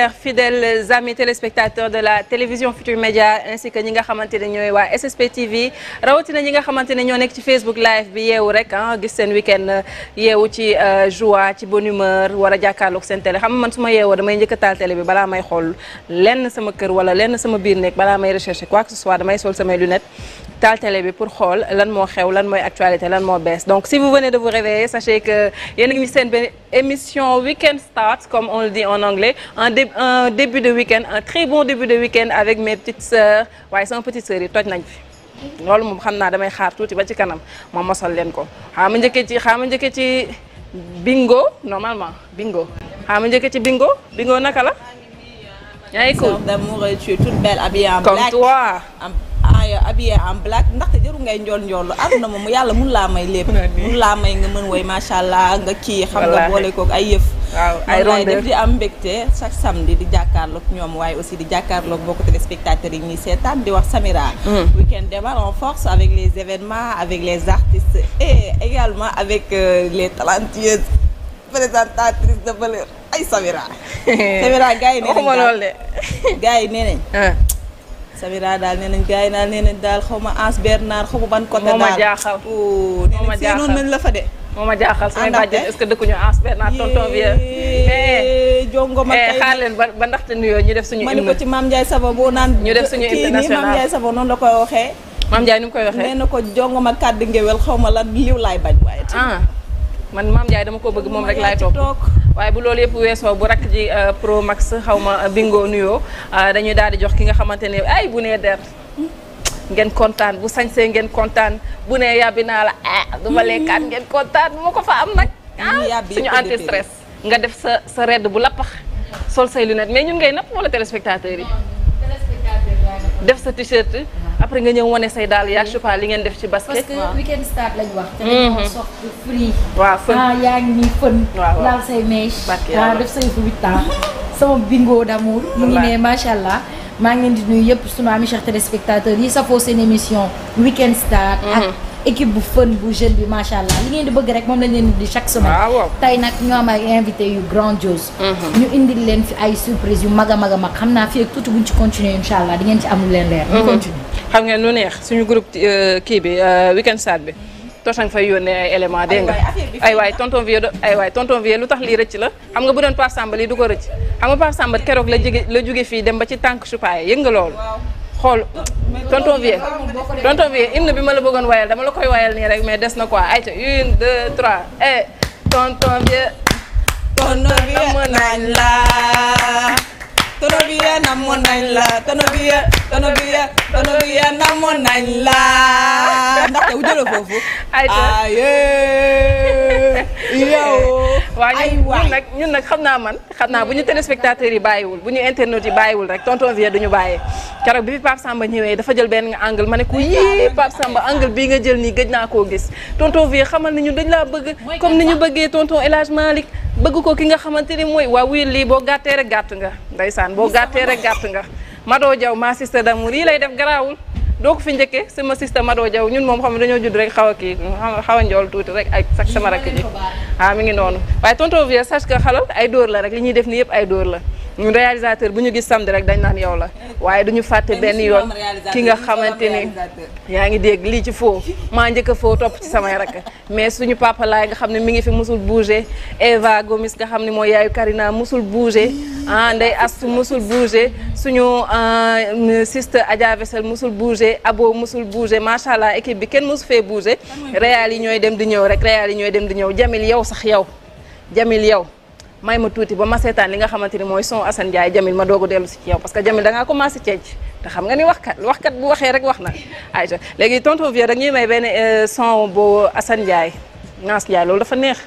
chers fidèles amis de la télévision Futur Média ainsi que ñi nga xamante ne ñooy waa SSP TV rawatina ñi nga xamante ne nekk ci Facebook live bi yeewu rek ah gis seen weekend eh, yeewu ci eh, joie ci bonne humeur war a jàkkaarloog seen télé xam man su ma yeewoo damay njëkk a taal télé bi balaa may xool lenn sama kër wala lenn sama biir nekk balaa may recherche quoi que ce soit damay sol samay lunettes taal télé bi pour xool lan moo xew lan mooy actualité moo bees donc si vous venez de vous a un début de week-end un très bon début de week-end avec mes petites sœurs waaye sama petite sœur yi toj nañ fi loolu moom xam naa damay xaar tuuti ba ci kanam ma mosal leen ko xaa ma njëkkee ci xaa ma njëkkee ci bingo normalement bingo xaa ma njëkkee ci bingo bingo naka la yaa comme toi en habillé en black ndaxte jëru ngay njool njoolu na moom yàlla mun laa may lépp mun laa may nga mën woy macha allah nga kii xam nga boole kook ay yëf waaw ay rondé def di am mbégte chaque samedi di jàkkaarloog ñoom waaye aussi di jàkkaarloog mbokku téléspectateurs yi ñuy seetaan di wax Samira mm. week-end démarre en force avec les événements avec les artistes et également avec euh, les talentueuses présentatrices de valeur ay Samira Samira gars yi Samira daal nee nañ gars yi daal nee nañ daal xaw ma Anse Bernard xaw ma ban côté daal moo ma noonu la fa de. moo ma jaaxal samay bàjjen est-ce que dëkkuñu Anse Bernard tonton bi eh, eh, jongo ma tey xaar leen ba ndaxte nuyoo ñu def suñu. hymne ma ne ko ci Mame Ndiaye Savon boo naan. ñu def suñu hymne national noonu la koy waxee. Mame Ndiaye ni koy waxee na ko jongo ma kàddu ngéwél xaw ma lan liw laay bañ waaye. man maam Ndiaye dama ko bëgg moom rek laay toog waaye bu loolu yëpp weesoo bu rakk di euh, pro max xaw ma euh, bingo nuyoo euh, dañuy daal di jox ki nga xamante ne ay bu nee der ngeen kontaan bu sañsee ngeen kontaan bu nee yàbbi naa la ah du ma lekkaat ngeen kontaan moo ko fa am nag mm. ah suñu anti stress nga def sa sa red bu lappax sol say lunette mais ñun ngay napp wala téléspectateurs yi def sa t-shirt uh-huh. après nga ñëw wane say daal yaa je li ngeen def ci basket. parce que weekend start lañ wax. te dañoo soxla free. waaw fën ah, yaa ngi nii fën. waaw laal say mèche. Ah, def say huit ans. Ah. sama bingo d'amour. mu ngi ne macha allah. maa ngi leen di nuyu yëpp sunu ami chers téléspectateurs yi sa safoo seen émission weekend start ak. Mhm. équipe bu fun bu jeune bi macha allah li ngeen di bëgg rek moom lañ leen di chaque semaine. Ah, tey nag ñoo am ay invité yu grandiose. Mhm. ñu indil leen fi ay surprise yu mag a mag a mag xam naa fii ak tuuti buñ ci continuer incha allah di ngeen ci am lu leen leer. ñu mhm. continuer xam ngeen lu neex suñu groupe euh, kii bi euh, weekend start bi. tosang fay yónnee ay élément dégg nga ay waay tonton vie ay waay tonton vie lu tax lii rëcc la xam nga bu doon Pape Samba du ko rëcc xam nga Samba keroog la jóge la jóge fii dem ba ci tànk supaaye yëg nga xool tonton Vieux tonton Vieux hymne bi ma la bëggoon wayal dama la koy wayal ni rek mais des na quoi ayca une deux trois et eh, tonton Vieux tonton Vieux nañ la tono biya namoon nañ la tono biya tono biya tono biya namoon nañ la ndaxte wu jëlo foofu aye yow waaw ñun nag ñun nag xam naa man xam naa bu ñu téléspectateurs yi bàyyiwul bu ñu internautes yi bàyyiwul rek tonton du duñu bàyyee keroog bi fi Pape Samba ñëwee dafa jël benn nga angle ma ne ko yii Pape Samba angle bii nga jël nii gëj naa koo gis tonton Vieux xamal ni ñun dañ laa bëgg comme ni ñu bëggee tonton El Hadj bëgg ko ki nga xamante ni mooy waa wuy lii boo gàttee rek gàtt nga ndeysaan ndeysaan boo gàttee rek gàtt nga Mado Jaw ma sista d'amour yi lay def garaawul doo ko fi njëkkee sama sista Mado Jaw ñun moom xam ne dañoo judd rek xaw a kii xaw a njool tuuti rek ak sax sama rakk ji ah mi ngi noonu waaye tonton vieux sache que xalal ay dóor la rek li ñuy def ni yëpp ay dóor la ñu réalisateur bu ñu gis samedi rek dañ naan yow la waaye duñu fàtte benn yoon ki nga xamante ni yaa ngi dégg lii ci foo maa njëkk a foo topp ci samay rakk mais suñu papa nga xam ne mi ngi fi musul bouger Eva Gomis nga xam ni mooy yaayu Karina musul bouger ah nday astu musul bouger suñu euh, sister Adja Vessel musul bouger Abo musul bouger macha allah équipe bi kenn musu fee bouger réal yi ñooy dem di ñëw rek réal yi ñooy dem di ñëw Jamil yow sax yow Jamil yow may ma tuuti ba ma seetaan li nga xamante ni mooy son Assane Ndiaye Jamil ma doog a dellu si ci yow parce que Jamil da ngaa commencé ceej te xam nga ni waxkat waxkat bu waxee rek wax na ayca léegi tonton Vieux da ñuy may benn euh, son boo Assane Ndiaye Naas Ndiaye loolu dafa neex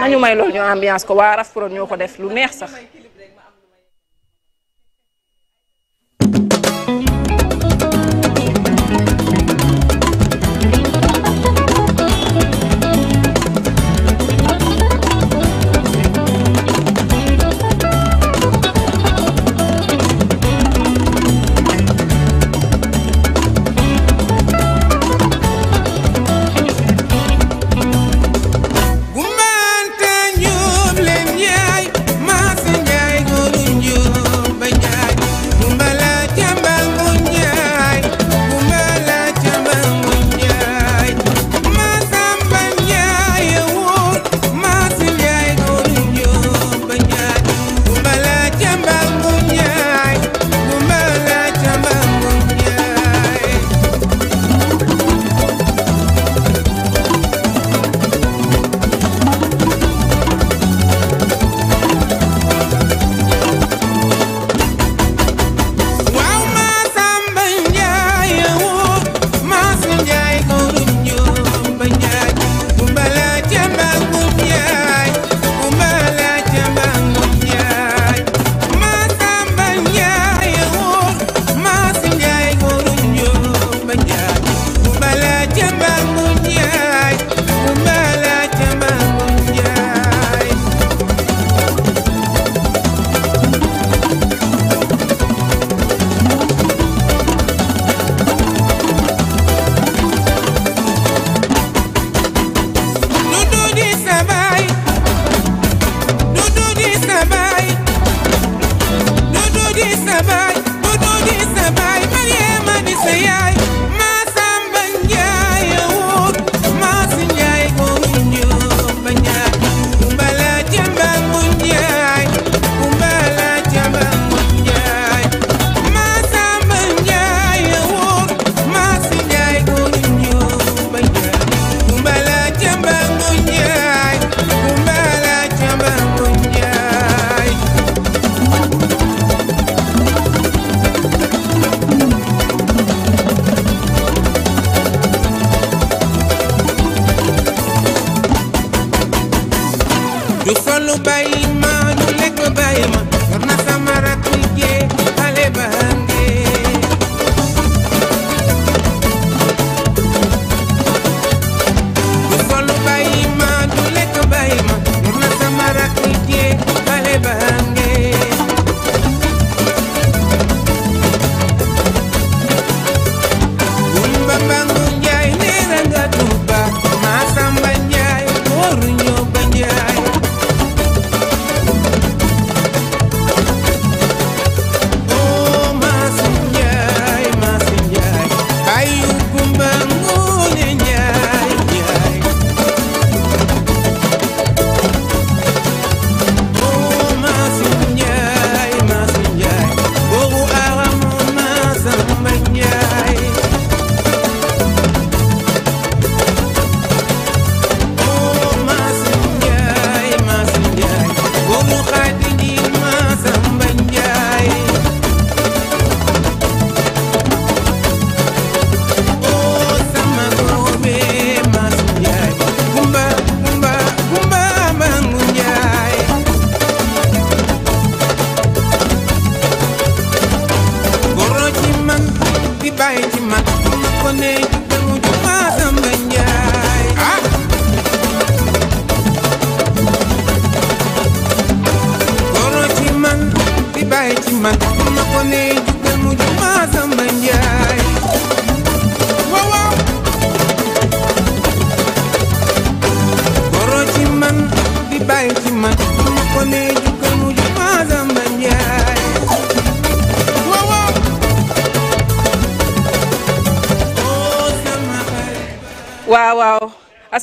nañu may loolu ñu ambiance ko waa Raf Pro ñoo ko def lu neex sax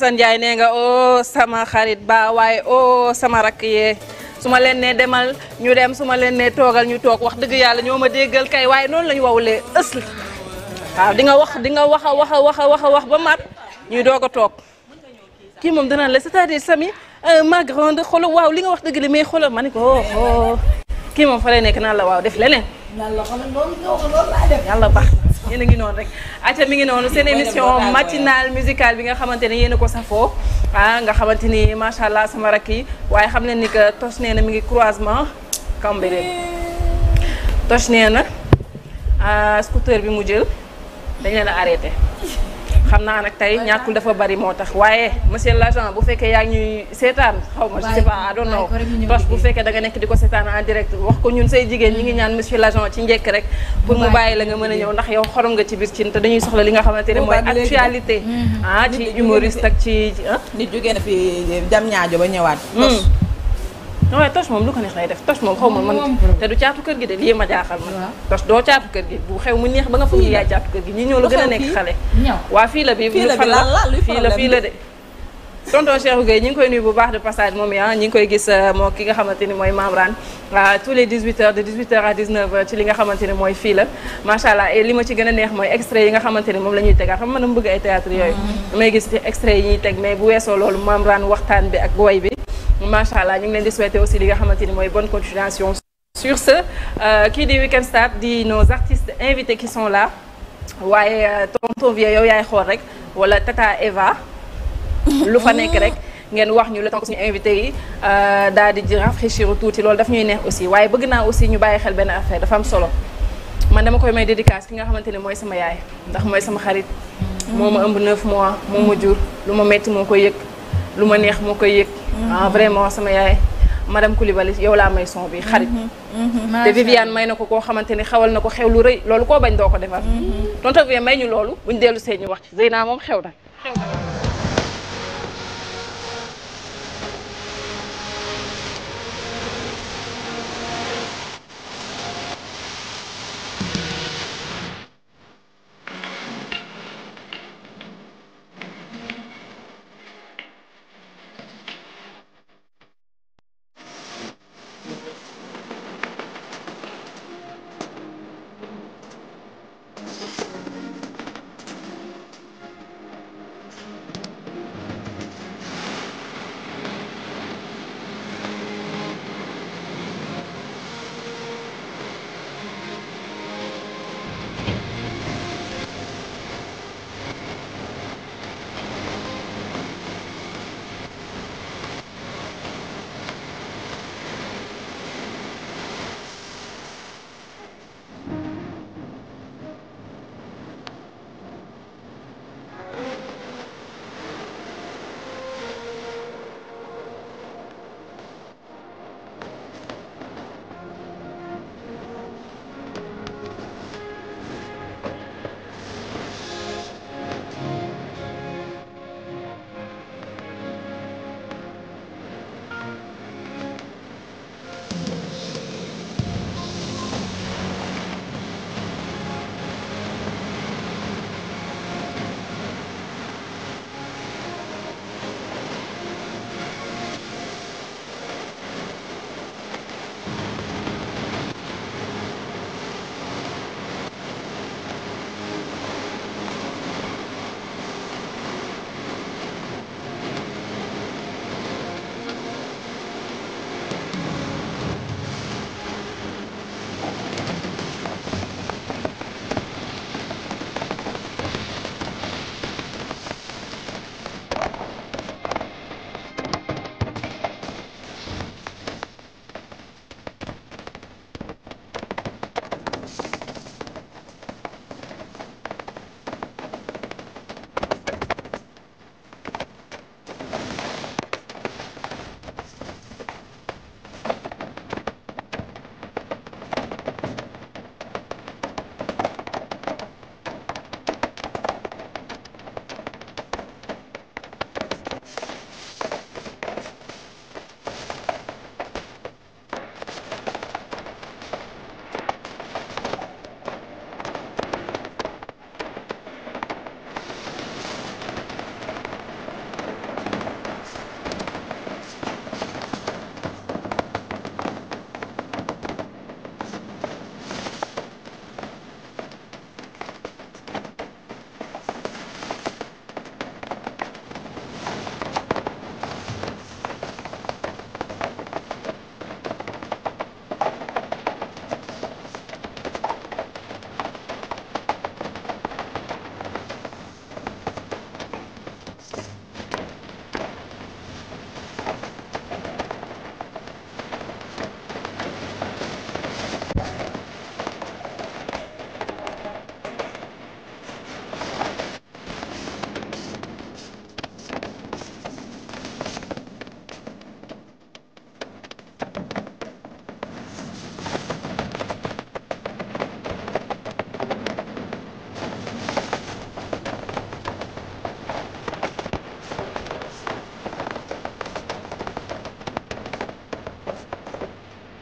Assane Ndiaye nee nga o oh, sama xarit ba waaye o oh, sama rakk yee su ma leen ne demal ñu dem su ma leen ne toogal ñu toog wax dëgg yàlla ñoo ma déggal kay waaye noonu la ñu wawulee ësl waaw di nga wax di nga wax a wax a wax a wax wax ba mat ñu doog a toog kii moom danaan la c'est-à-dire Samy ma xolo waaw li wax dëgg li mais xolo ma ne ko oh, kii moom fa lay nekk naan la waaw def leneen. naan la xoolal loolu loolu laa a ngi noonu rek. acca mi ngi noonu seen émission matinale musicale bi nga xamante ne yéen a ko safoo. ah nga xamante ni macha allah sama rakk yi waaye xam leen ni que Toch nee na mi ngi croisement Cambérène. Toch nee na ah, scooter bi mu jël dañ leen a xam naa nag tey ñàkkul dafa bari moo tax waaye monsieur l'agent bu fekkee yaa ngi ñuy seetaan xaw ma je sais pas I don't bu fekkee da nga nekk di ko seetaan en direct wax ko ñun say jigéen ñi ngi ñaan monsieur l'agent ci njëkk rek pour mu bàyyi la nga mën a ñëw ndax yow xorom nga ci biir cin te dañuy soxla li nga xamante ne mooy actualité mm-hmm. ah ci humoriste ak ci ah? nit jógee na fi jam ñaajo ba ñëwaat mm. non waaye tos moom lu ko neex lay def tos moom xaw ma man te du caatu kër gi de lii ma jaaxal man tos doo caatu kër gi bu xew mu neex ba nga foog yaay caatu kër gi ñi ñoo la gën a nekk xale waa fii la bi fii la fii la de tonton Cheikhou Gueye ñu ngi koy nuyu bu baax de passage moom ya ñi ngi koy gis euh, moo ki nga xamante ni mooy Mamran euh, tous les 18h de 18h à 19h ci li nga xamante mooy fii la macha allah ma ci gën a la ñuy tegaat xam nga dama bëgg ay théâtre yooyu damay mm-hmm. gis extrait yi ñuy teg mais bu weesoo loolu Mamran waxtaan bi ak way bi macha allah ñu ngi leen di souhaiter aussi li nga xamante ni mooy bonne continuation sur ce euh, kii di Weekend Stars di nos artistes invités qui sont là waaye tonton Vieux rek wala Tata Eva lu fa nekk rek ngeen wax ñu la le ko suñu invité yi euh, daal di rafraîchir tuuti loolu daf ñuy neex aussi waaye bëgg naa aussi ñu bàyyi xel benn affaire dafa am solo man dama koy may dédicace ki nga xamante ne mooy sama yaay ndax mooy sama xarit. Mm. moo ma ëmb 9 mois moo ma jur lu ma metti moo koy yëg lu ma neex moo koy yëg. Mm. Ah, vraiment sama yaay. madame Coulibaly yow laa may son bi mm-hmm. xarit. Mm-hmm. te Viviane may na ko koo xamante ni xewal na ko xew lu rëy loolu koo bañ doo ko defar. Mm-hmm. tonton may ñu loolu buñ dellu see ñu wax ci Zeyna moom xew na.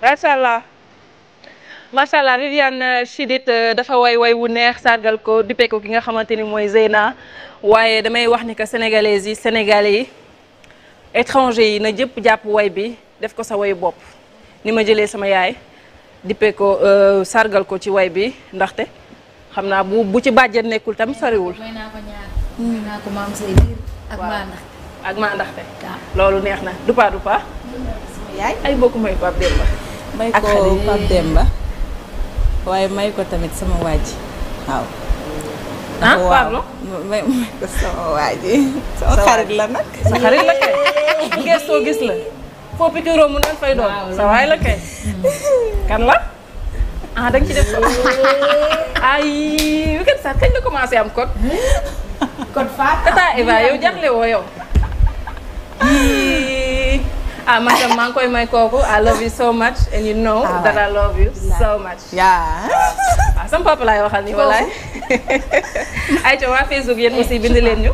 macha allah macha allah Viviane euh, Chidid euh, dafa woy way wu neex sargal ko dippee ko ki nga xamante ni mooy Zeyna waaye damay wax ni que sénégalaises yi sénégalais yi étranger yi na jëpp jàpp way bi def ko sa wayu bopp ni ma jëlee sama yaay dippee ko euh, sargal ko ci way bi ndaxte xam naa bu bu ci bàjjen nekkul tam soriwul. may ak maa ndaxte loolu neex na du pa ay bokk mooy Pape Demba. may ko waaye may ko tamit sama waaj waaw. ah pardon may may sama waaj sama xarit la nag. sa xarit la kay gëstoo gis la. foo pikiiroo mu naan fay doon. sa waay la kan la. ah da nga ci def ko ay weekend sax la commencé am code. code Eva yow jaaxle woo yow. ah man tam e maa ngi koy may kooku I love you so much and you know ah, that I love you so much. yaa waaw sama papa laay waxal nii walaay. ayca waa Facebook yéen aussi eh, bind leen ñu.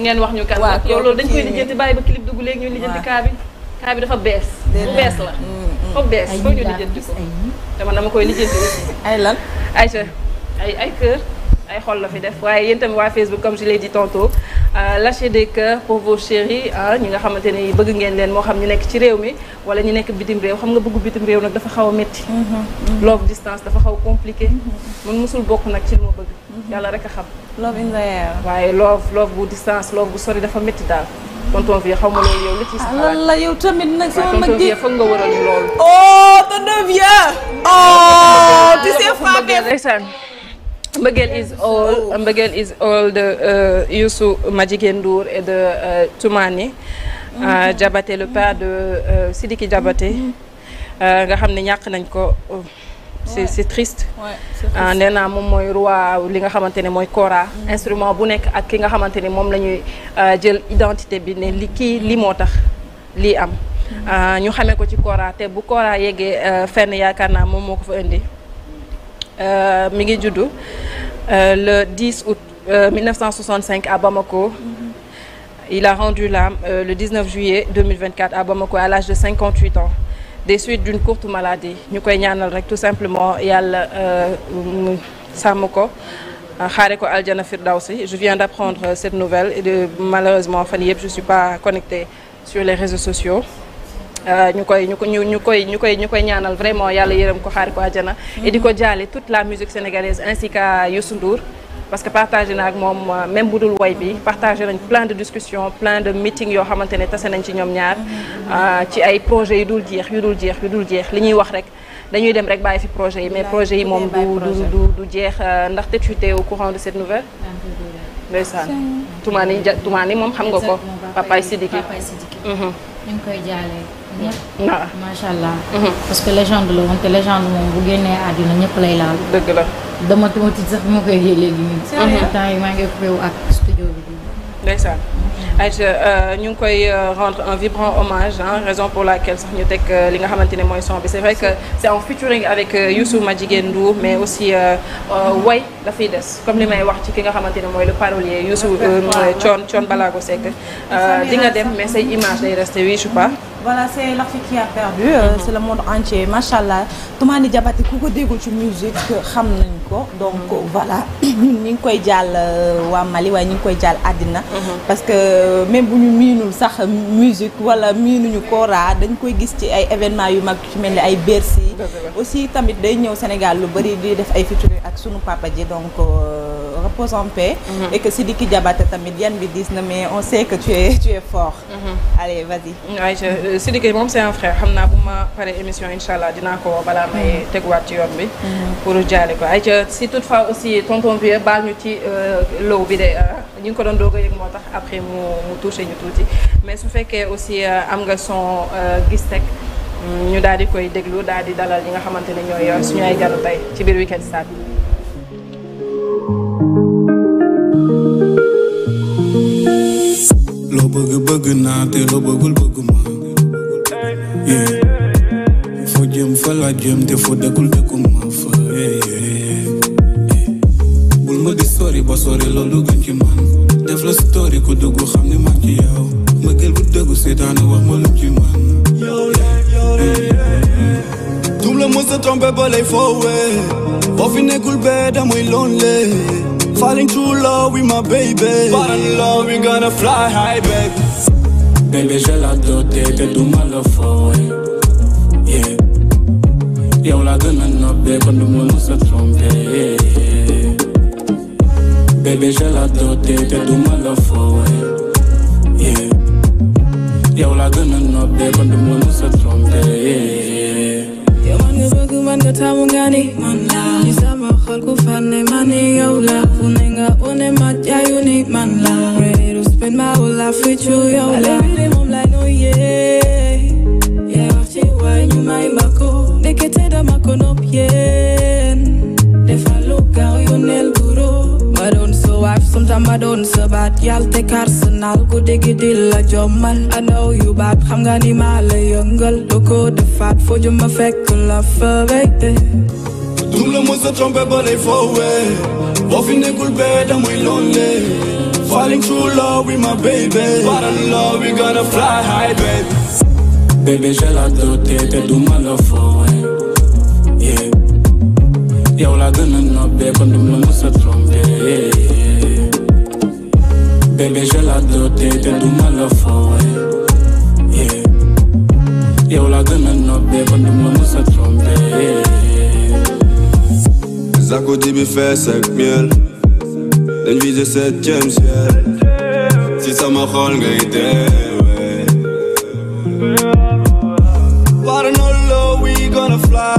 ngeen wax ñu kan la yow loolu dañ koy lijjanti bàyyi ba clip dugg léegi ñu lijjanti kaa bi. kaa bi dafa bees. bu bees la. Mm, mm. foofu bees foofu ñu lijjanti ko. dama dama koy lijjanti aussi. ay lan ayca ay kër. ay xol la fi def waaye yéen tamit waa Facebook comme je l'ai dit tantôt euh, lâchez des pour vos chéris euh, ñi nga xamante ni bëgg ngeen leen moo xam ñu nekk ci réew mi wala ñu nekk bitim réew xam nga bëgg bitim réew nag dafa xaw a métti mm-hmm, mm-hmm. love distance dafa xaw compliqué mm-hmm, man mosul bokk nag ci li ma bëgg yàlla rek a xam love waaye love love bu distance love bu sori dafa métti daal tonton Vieux xaw ma loolu yow li ci sa ah, la yow tamit nag sama mag ji foog nga waral loolu oh, mbëggeel is all mbëggeel is all de uh, Youssou Madjiguène Ndour et de uh, Toumani uh, Diabaté le père de Sidiki Diabaté mm-hmm. nga xam ne ñàkk nañ ko oh, c'est c'est triste nee moom mooy roi li nga xamante ne mooy kora mm-hmm. instrument bu nekk ak ki nga xamante ne moom lañuy ñuy jël identité bi ne li kii li moo tax lii am mm-hmm. ñu xamee ko ci kora te bu kora yeggee fenn yaakaar naa moom moo ko fa indi Euh, mi ngi juddu euh, le 10 août 1965 euh, à Bamako. il a rendu l'âme le 19 juillet 2024 à Bamako à l'âge de 58 ans des suites d'une courte maladie ñu koy ñaanal rek tout simplement yàlla sàmm ko xaare ko aljana firdawsi je viens d'apprendre cette nouvelle et de malheureusement fan yëpp je suis pas connectée sur les réseaux sociaux Euh, ñu koy ñu koy ñu koy ñu koy ñu koy ñaanal vraiment yàlla yërëm ko xaar ko àjjana. et di ko jaale toute la musique sénégalaise ainsi qu'à Youssou Ndour. parce que partagé na ak moom euh, même bu dul woy bi partagé nañ plein de discussions plein de meetings yoo xamante ne tase nañ ci ñoom ñaar euh, ci ay projet yu dul jeex yu dul jeex yu dul jeex li ñuy wax rek dañuy dem rek bàyyi fi projets yi mais projet yi moom du du du jeex ndaxte tu es au courant de cette nouvelle ndeysaan tumaani ja tumaani moom xam nga ko papaay Sidiki mhm. ñëpp. Ah. macha allah. Mhm. parce que légende la woon te moom bu génnee àddina ñëpp lay laal. dëgg la dama tuuti sax bi ma koy yëg léegi nii. sëñ temps yi maa ngi occupé wu ak studio bi. Euh, ñu ngi koy euh, rendre un vibrant hommage hein, raison pour laquelle sax ñu teg euh, li nga xamante ne mooy son bi c'est vrai que c'est en featuring avec Youssou Madjiguène Ndour mais aussi way dafay des comme li may wax ci ki nga xamante ne mooy le parolier Youssou Thione Thione Balago Seck li nga dem mais say image day resté oui je pas voilà c'est la qui a perdu euh, mhm. c'est le monde entier macha allah Toumani Diabaté ku ko déggul ci musique xam nañ ko donc mhm. voilà ñun ñi ngi koy jàll euh, waa Mali waaye ñi ngi koy jàll àddina mhm. parce que euh, même bu ñu miinul sax musique wala miinuñu kora dañ koy gis ci ay événements yu mag ci mel ni ay Bercy aussi tamit day ñëw Sénégal lu bari di def ay featuring ak sunu papa ji donc euh, repose en paix. Mhm. et que Sidiki Diabaté tamit yan bi diis na mais on sait que tu es tu es fort. Mhm. allez vas-y. waaye euh, Sidiki moom c'est un frère xam naa bu ma paree émission incha allah dinaa ko bala may mhm. teguwaat ci yoon bi. pour jaale ko ay ca si toutefois aussi tonton vieux baal ñu ci euh, low bi de euh, ñu ngi ko doon doog a yëg moo tax après mu mu touché ñu tuuti mais su fekkee aussi am nga son gis teg mm, ñu daal di koy déglu daal di dalal ñi nga xamante ne ñooy suñu ci biir Week-end Stars loo bëgg bëgg naa te loo bëggul bëgg ma fo jëm fa jëm te fo dëkkul dëkku ma fa bul ma di ba sori loolu gën ci man def la story ku dugg xam ne man ci yow mbëggeel bu dëggu seetaan wax ma lu ci man dum la mës a tombé boo fi nekkul bee damay lonle Falling too low with my baby Falling low, we gonna fly high, baby Baby, j'ai la doté, te du mal la gână noapte, cu numul nu se trompe yeah. la doté, te du mal o foi Yeah Eu la gână noapte, cu numul nu se m خلقو فن منی یولا خونه nga one mat ja you need man la Ready to spend my whole life with you yola Alle bide mom lai no ye Ye wachi wai nyu mai mako Nekete da mako nop yen Defa look out you nel guro Ma don so wife sometime ma don so bad Yal take arsenal go digi dil la jomal I know you bad xam nga ni ma la yëngal Doko defat fo juma fekk la fa baby dum la mës a trompé ba lay foowee boo fi nekkul bee damay lonely falling true love with my baby falling in love we gonna fly high baby baby je te te du ma la foowee yeah yow la gën a kon dum la mës a Zako tibi fees ak miel dañ visé septième ciel si sama xol gonna fly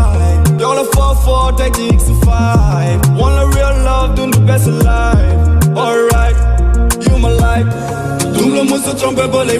Jox la four four teg ci x la real love dund best life Alright, you my life Dum la mos a trompé ba lay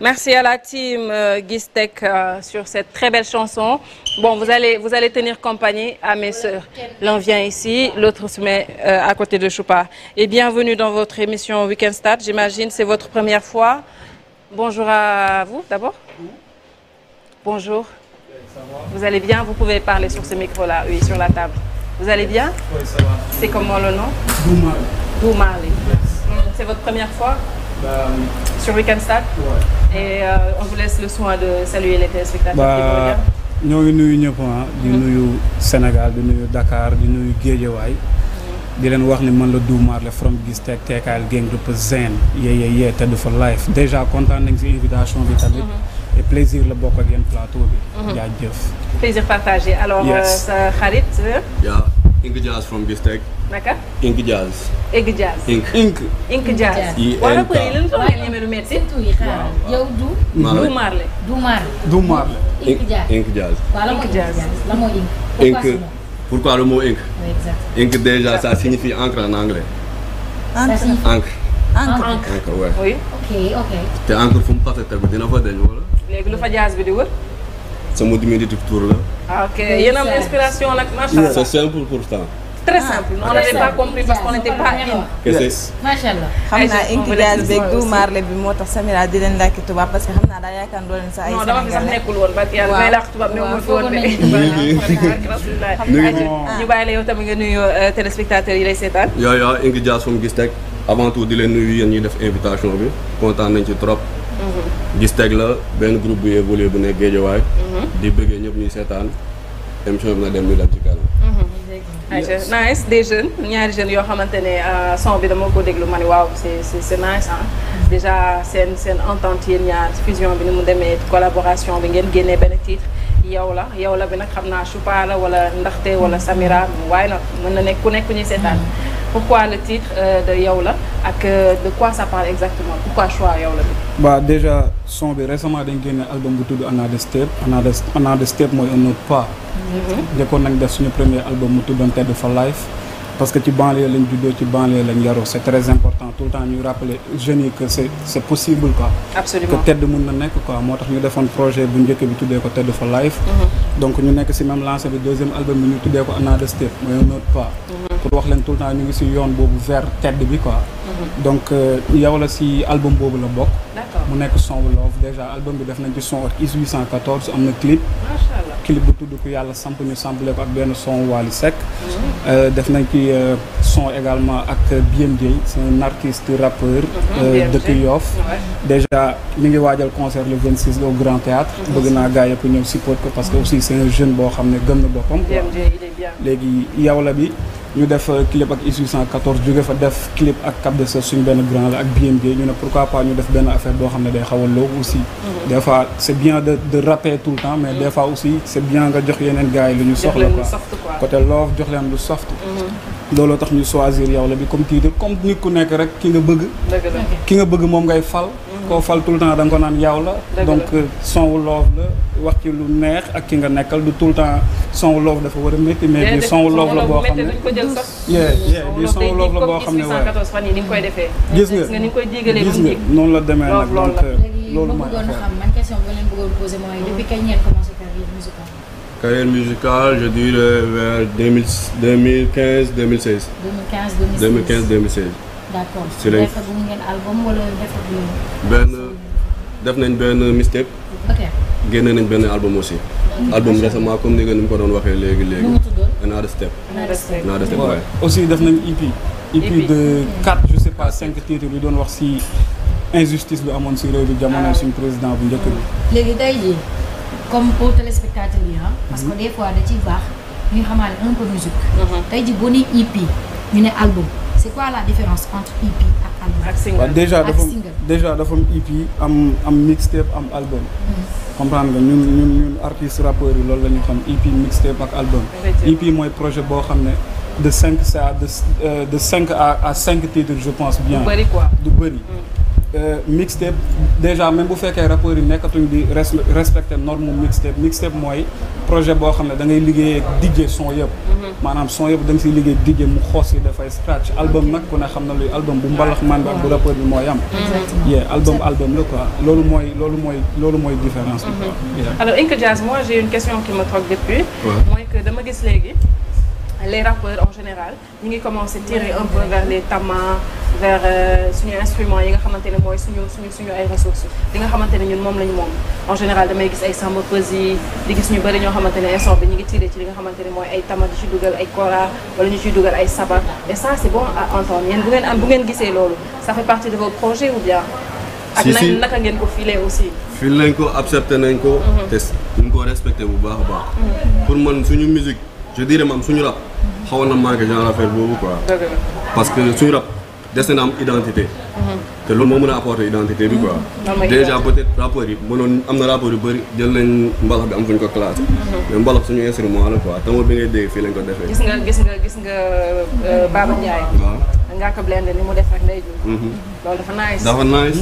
Merci à la team euh, Gistec euh, sur cette très belle chanson. Bon, vous allez, tenir compagnie à mes sœurs. L'un vient ici, l'autre se met euh, à côté de Choupa. Et bienvenue dans votre émission Weekend Start. J'imagine c'est votre première fois. Bonjour à vous d'abord. Bonjour. Vous allez bien? Vous pouvez parler sur ce micro-là, sur la table. Vous allez bien? C'est comment le nom? Doumali. Doumali. C'est votre première fois? Euh, sur Weekend Stars. et euh, on de saluer les téléspectateurs. ñoo ngi nuyu ñëpp ah. di mm-hmm. nuyu Sénégal di nuyu Dakar di nuyu Géejawaay. Mm-hmm. di leen wax ni man la duumaar la from gis teg teekaayal gang represent yee yee yee te du fa live déjà kontaan nañ si invitation bi tamit mm-hmm. et plaisir la bokk ak plateau bi jaajëf plaisir partagé alors euh, sa Ink Jazz from Gistec. naka. Ink Jazz. Ink Jazz. Ink Ink. Ink Jazz e yi lan ko may numéro métti. yow du. du Marley. du Marley. du Marley. Ink Jazz Ink Jazz. la moo Ink. pourquoi le mot Ink. Ink déjà ça signifie encre en anglais. encre encre encre oui. ok ok. te encre fu mu passé tamit dina fa deñ wala. léegi lu fa jazz bi di wër. sama diminutif tour la. Ah, ok yéen am inspiration la macha allah. c'est simple pourtant. très simple ah, on n'avait pas compris parce allah. xam naa inkigaas beeg duumaarle bi moo tax Samira di leen làkki tubaab parce xam naa daa yaakaar ne leen sa ay. non dama fi sax nekkul woon barke yàlla may làkk tubaab ne ma fi woon de. la yow tamit nga nuyu téléspectateurs yi lay seetaan. yooyu inkigaas fu mu gis rek avant tout di leen nuyu yéen ñuy def invitation bi kontaan nañ ci trop. Mm-hmm. gis teg la benn groupe buy évolué bu nekk géejawaay mm-hmm. di bëggee ñëpp ñuy seetaan émission bi na dem ñu dem ci kanam mm-hmm. ayca nice des jeunes ñaari jeunes yoo xamante ne euh, son bi dama ko déglu ma ne waaw c'est c'est nice ah déjà seen seen entente yéen ñaar fusion bi ni mu demee collaboration bi ngeen génnee benn titre yow la yow la bi nag xam naa Choupa wala Ndaxte wala Samira waaye nag mën na nekk ku nekk ku ñuy seetaan pourquoi le titre euh, de yow la ak euh, de quoi ça bi waaw déjà son bi récemment dañ génne album bu tudd Another Step Another Another Step mooy un autre pas mm-hmm. njëkkoon nañ def suñu premier album mu tuddoon Tedd for Life parce que ci banlieue lañ juddoo ci banlieue lañ yaroo c'est très important tout le temps ñuy rappeler jeunes que c'est possible quoi. tedd mun na nekk quoi moo tax ñu defoon projet bu njëkk bi tuddee ko Tedd for Life. Mm-hmm. donc ñu nekk ci même lancé bi deuxième album bi ñu tuddee ko Another Step mooy un autre pas. Mm-hmm. wax leen tout le temps ñu ngi ci yoon boobu bi quoi. donc euh, yow la si album boobu la bokk. mu nekk son wu loof déjà album bi def nañ ci son ak 1814 am na clip. macha clip bu tudd ko yàlla samp ñu sampale ko ak benn son Wally Seck. Mhm. Euh, def nañ ci euh, son également ak BM Jaay c'est un artiste rappeur. Mhm, dëkk Yoff déjà mu ngi waajal concert le 26 au Grand Théâtre mhm. bëgg naa gars yëpp ñëw support ko parce que aussi c'est jeune boo xam ne gën na boppam. léegi yow bi ñu def clip ak 1814 def clip ak. de ça suñ benn grand la ak BNB ñu ne pourquoi pas ñu def benn affaire boo xam ne day xaw a low aussi. Mhm. des fois c' est bien de de rapper tout le temps mais des aussi c' bien nga jox yeneen gars lu ñu soxla quoi côté love jox leen lu soft. Mhm. looloo tax ñu choisir yow la bi comme titre comme nit ku nekk rek ki nga bëgg. ki nga bëgg moom ngay fal. koo fal tout le temps da ko naan yaw la donc sonwu loof la wax ci lu neex ak ki nga nekkal du tout le temps sonwu loof dafa war a métti mais bi sonwu loof la boo xam ne yee yee bi sonwu loof la boo xam ne gis nga gis nga noonu la demee nag donc euh, loolu mooy mm. carrière musicale je dirais vers 2015 2016 2015 2016 d'accord si lañ defaguñ ngeen album wala nañ benn mixtape. ok génne nañ benn album aussi. album récemment comme ni nga ni mu ko doon waxee léegi léegi. Another Step. Another Step Another Step waaye. aussi def nañ EP. EP e de quatre je sais pas cinq titres yu doon wax si injustice bi amoon si réew bi jamono ah. suñu président bu njëkk bi. léegi tey jii comme pour téléspectateur yi ah. parce mhm. fois da ciy baax ñu xamaale un peu musique. Mhm. tey jii boo nee e ñu ne album. c'est quoi la différence entre EP ak album. ak déjà dafa déjà dafa am EP am am mixtape am album. Mm-hmm. comprendre nga ñun ñun ñun artistes rappeurs yi loolu la ñu xam EP mixtape ak album. EP e mooy projet boo xam ne de cinq à de euh, de cinq à à cinq titres je pense bien. du bëri quoi du bëri. Mm. Euh, mixtape déjà même bu fekkee rappeurs yi nekkatuñ di respecter norme mixtape mixtape mooy projet boo xam ne da ngay liggéeyee DJ son yëpp. Mm-hmm. maanaam son yëpp da nga siy liggéey DJ mu xoos yi dafay scratch album nag ku ne xam na luy album bu mbalax man ak bu rappeur mooy am. album album la quoi loolu mooy loolu mooy loolu mooy différence bi quoi. Mm-hmm. alors Inca Jazz moi une question qui me trotte depuis. mooy que dama gis léegi les rappeurs en général ñu ngi commencer tirer un peu vers vers euh, suñu instrument yi nga xamante ne mooy su suñu suñu ay ressources li nga xamante ne ñun moom lañu moom en général damay gis ay samba yi di gis ñu bëri ñoo xamante ne instant bi ñu ngi tiré ci li nga xamante ne mooy bu ngeen gisee loolu ça fait partie de vos projets ou bien ak naka ngeen ko filé aussi fil lañ ko accepté nañ ko mhm. te ñu ko respecté bu baax a baax mhm. pour man ñu musique je dirais su ñu rap mhm. xawoon na manqué genre affaire boobu quoi parce que suñu rap des na am identité. Mm-hmm. te loolu moo mën a apporter identité bi quoi. Mm-hmm. déjà peut-être rapport yi mënoon am na rapport yu bëri jël nañ mbalax bi am fu ko classé. Mm-hmm. mais mbalax suñu instrument la quoi tamo bi ngay fii lañ ko defee. gis gis nga gis nga euh, Baba Ndiaye. waaw nga ko blende ni mu def ak Ndeye Diouf. loolu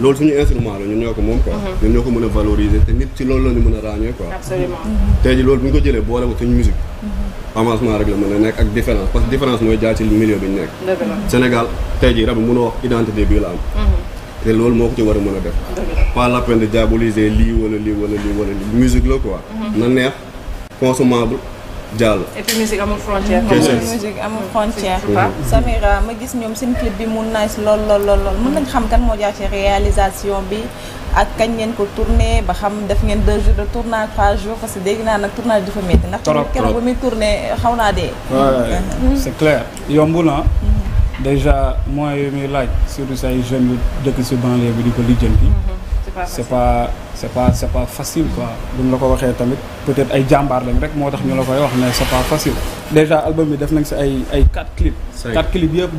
loolu suñu instrument la ñun ñoo ko moom quoi. ñun ñoo ko mën a valoriser te nit ci loolu la ñu mën a ràññee quoi. absolument tey ji loolu bu ñu ko jëlee boole ko suñu musique. avancement rek la mën a nekk ak différence parce que différence mooy jaar ci milieu bi ñu nekk. Sénégal tey jii rab mënoo identité bii la am. Mhm. te loolu moo ko ci war a mën a def. pas la peine de diaboliser lii wala lii wala lii wala lii musique la quoi. Mhm. na neex consommable. Diallo et puis musique amul frontière. musique amul frontière. Mhm. Samira ma gis ñoom seen clip bi mu nice lool lool lool mën nañ xam kan moo jaar ci réalisation bi. ak kañ ngeen ko tourné ba xam def ngeen deux jours de tournage trois jours parce que dégg naa nag tournage dafa métti ndax keroog ba muy tourné xaw naa dee mhm. Mhm. c'est clair yombu na mhm. déjà moyens yu muy laaj surtout say jeunes yu dëkk si banlieue bi di ko lijjanti c'est pas c'est pas c'est pas facile quoi buñ la ko waxee tamit peut-être ay jàmbaar lañ rek moo tax ñu la koy wax mais c'est pas facile déjà album bi def nañ si ay ay quatre clips quatre clips yëpp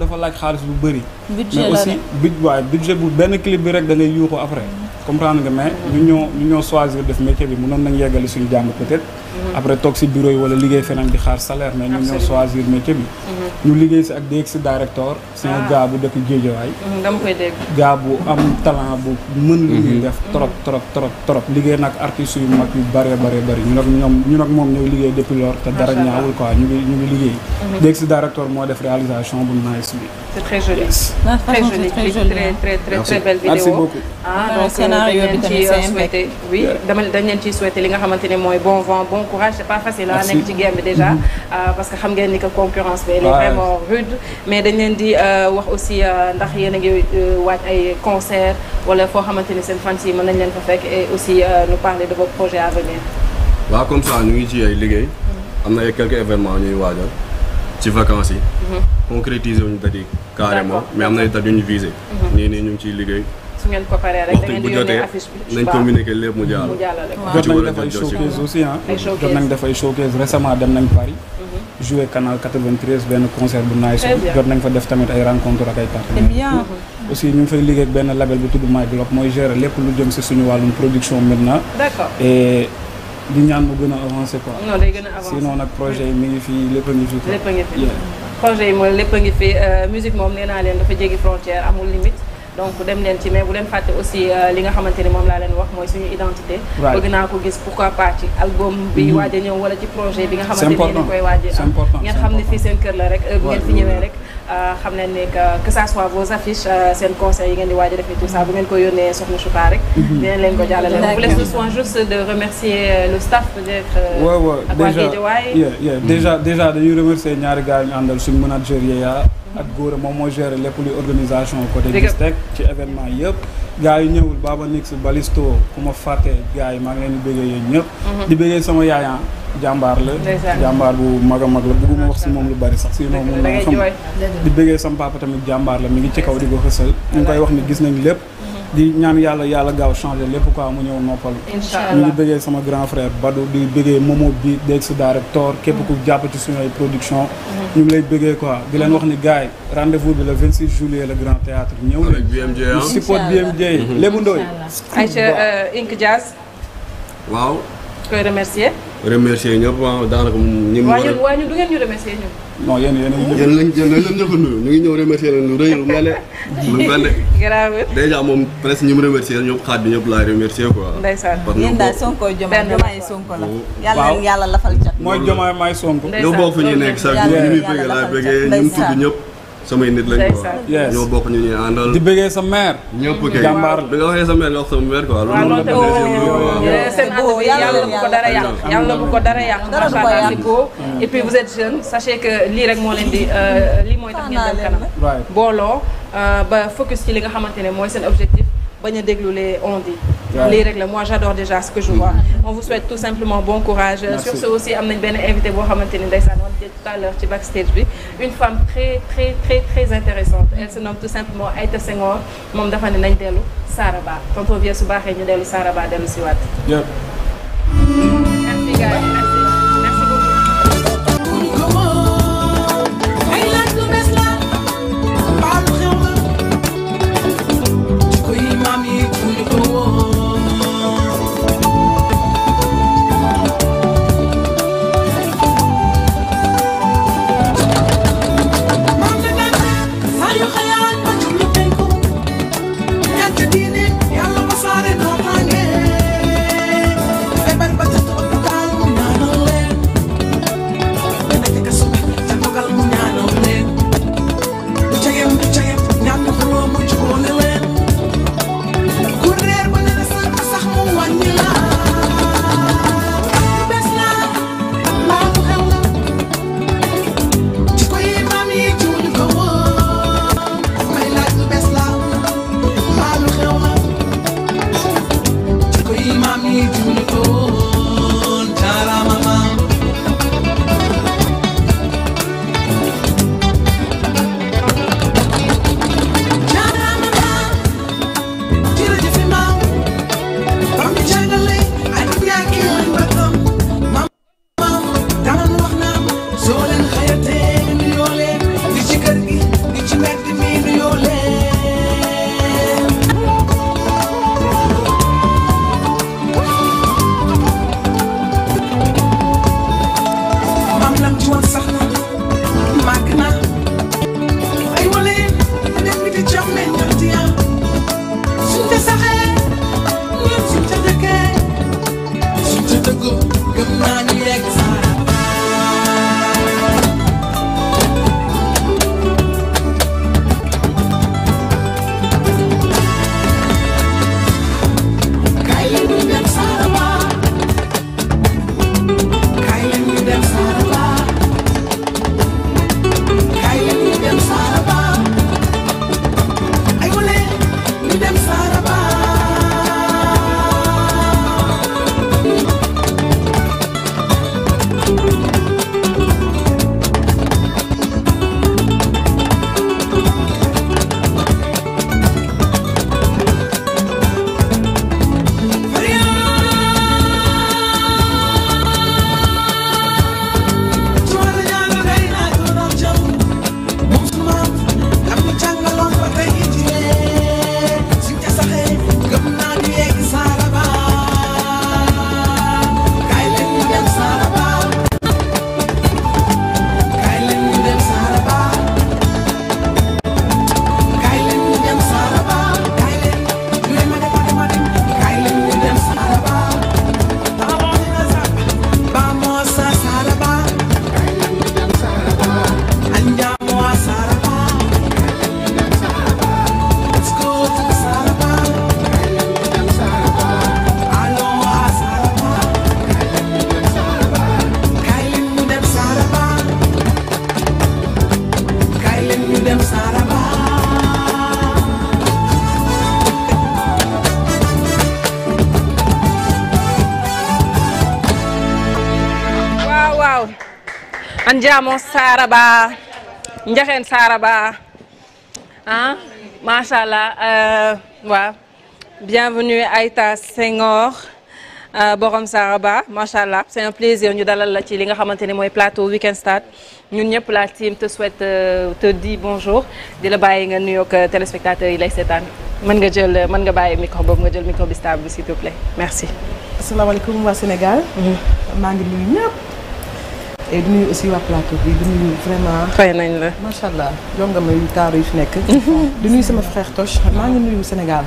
dafa laaj xaalis bu bëri mais aussi bud waaye bu benn clip bi rek da ngay yuuxu après comprendre nga mais ñu ñoo ñu ñoo choisir def métier bi mënoon nañ yeggali suñu jàng peut-être après toog si bureau yi wala liggéey feneen di xaar salaire mais ñun ñoo choisir métier bi mhm. ñu liggéey si ak DX directeur c'est un ah. gars bu dëkk Géejawaay mhm, dama koy dégg gars bu am talent bu mën lu ñuy mhm. def trop trop trop trop liggéey nag artistes yu mag yu bëree bëree bëri ñu nag ñoom ñu nag moom ñooy liggéey depuis lors te dara ñaawul quoi ñu ngi ñu ngi liggéey DX directeur moo def réalisation bu nice bi c'est très joli très joli très très très belle vidéo merci beaucoup ah donc scénario euh, bi tamit c'est impec oui dama dañ leen ciy souhaité li nga xamante ne mooy bon vent bon courage c'est pas facile ah nekk ci game déjà mm-hmm. euh, parce que xam ngeen ni que concurrence bi elle est vraiment rude mais dañ leen di euh, wax aussi euh, ndax yéen a ngi ay concert wala foo xamante ni seen fans yi mën nañ leen fa fekk et aussi nous parler de votre projet à venir waaw comme ñu ngi ci ay liggéey mm-hmm. am na ay quelques événements ñuy waajal ci vacances yi mm-hmm. concrétiser wuñu date yi carrément mais am na ay date yu ñu visé nii nii ñu ngi ciy liggéey su ngeen ko paree rek da ngeen di yónnee affiche bi nañ communiqué lépp mu jàll. mu jot nañ mhm. bu naay. jot nañ fa def tamit ay rencontre ak ay partenaires. Eh mm. aussi ñu fay liggéey benn label bu tudd My Globe mooy gérer lépp lu jëm si suñu wàllum production maintenant. d'accord et di ñaan mu gën a avancé quoi. non day gën a avancé sinon projet mi ngi fi lépp a ngi lépp ngi fi projet yi mooy euh, moom nee naa leen dafa jéggi frontière amul limite. donc dem leen ci mais bu leen fàtte aussi euh, li nga xamante ni moom laa leen wax mooy suñu identité bëgg naa ko gis pourquoi pas ci album bi mm-hmm. waaj a ñëw wala ci projet bi nga xamante ni dañ koy waaj a am ngeen xam ne fii seen kër la rek bu ngeen fi ñëwee rek Euh, xam nañ ne que ça soit vos affiches euh, seen conseils yi ngeen di waaj a def tout ça bu ngeen ko yónnee soxna Choupa rek. Mhm. dinañ leen ko jàllale. d' accord vous laisse le soin juste de remercier euh, le staff peut-être. waaw waaw déjà ak waa mhm. déjà déjà dañuy remercier ñaari gars yi ñu àndal suñu manager Yaya ak Gora moom moo géré lépp luy organisation. côté Distec ci événement yëpp. gars yi ñëwul Baba Nix Balisto ku ma fàtte gars yi maa ngi leen di bëggee yéen ñëpp. Mhm. di bëggee sama yaayaan. jàmbaar la jàmbaar bu mag a mag la bëgguma wax si moom lu bari sax si moom moom la xam jàmbaar la mi ngi ci kaw di ko xësal ñu koy wax ni gis nañ lépp mhm. di ñaan yàlla yàlla gaaw changé lépp quoi mu ñëw noppal ñu ngi bëggee sama grand frère Badou di bëggee Momo bi dégg su képp ku jàpp ci suñu production mhm. ñu ngi lay bëggee quoi di leen wax ni gars yi rendez bi le 26 juillet le grand théâtre ñëw leen support BMJ mhm. Lébu Ndoy Aïcha euh, Ink Diaz remercier ñëpp ah daanaka ñun. waaw ñun waaye ñun ñu remercier ñun. a ngi. ñu ngi ñëw remercier leen lu moom presque ñu mu remercier ñoom xaat bi ñëpp laay remercier quoi. ndeysaan la. yàlla na yàlla lafal cat. mooy Diomaye may Sonko. ndeysaan ñoo bokk nekk sax ñu muy bëgg laay bëggee ñun tudd ñëpp samay nit lañ ko ñoo bokk ñu ñuy àndal. di bëggee sa mère. ñëpp kay jàmbaar la bi nga waxee sa mère nga wax sama mère quoi. loolu la seen ànd bi yàlla bu ko dara yàq yàlla bu ko dara yàq macha allah c'est beau et puis vous êtes lii rek moo leen di euh, lii mooy tax ngeen dem kanam booloo euh, ba focus ci li nga xamante ne mooy seen objectif bañ a déglu les on dit lii rek la moi j'adore déjà ce que je vois mm. on vous souhaite tout simplement bon courage sur ce aussi am nañ benn invité boo xamante ni ndeysaan on dit tout à l'heure ci backstage bi une femme très très très très intéressante elle se nomme tout simplement Aïta Senghor moom dafa ne nañ dellu Saraba tonton Vieux su baaxee ñu dellu Saraba dellu si waat Njamo Saraba Njaxeen Saraba ah macha allah euh, waaw bienvenue Aïta Senghor euh, Borom Saraba macha allah c'est un plaisir ñu dalal la ci li nga xamante ne mooy plateau Weekend Stars ñun ñëpp la team te souhaite euh, te dit bonjour di la bàyyi nga nuyoog téléspectateurs yi lay seetaan mën nga jël mën nga bàyyi micro boobu nga jël micro bi si bi s'il te plaît merci. waa Sénégal. Mhm. maa ngi nuyu et di nuyu aussi waa plateau bi di nuyu nañ la macha allah jongama yu taaru yi fi nekk. di nuyu sama frère Toch maa ngi nuyu Sénégal.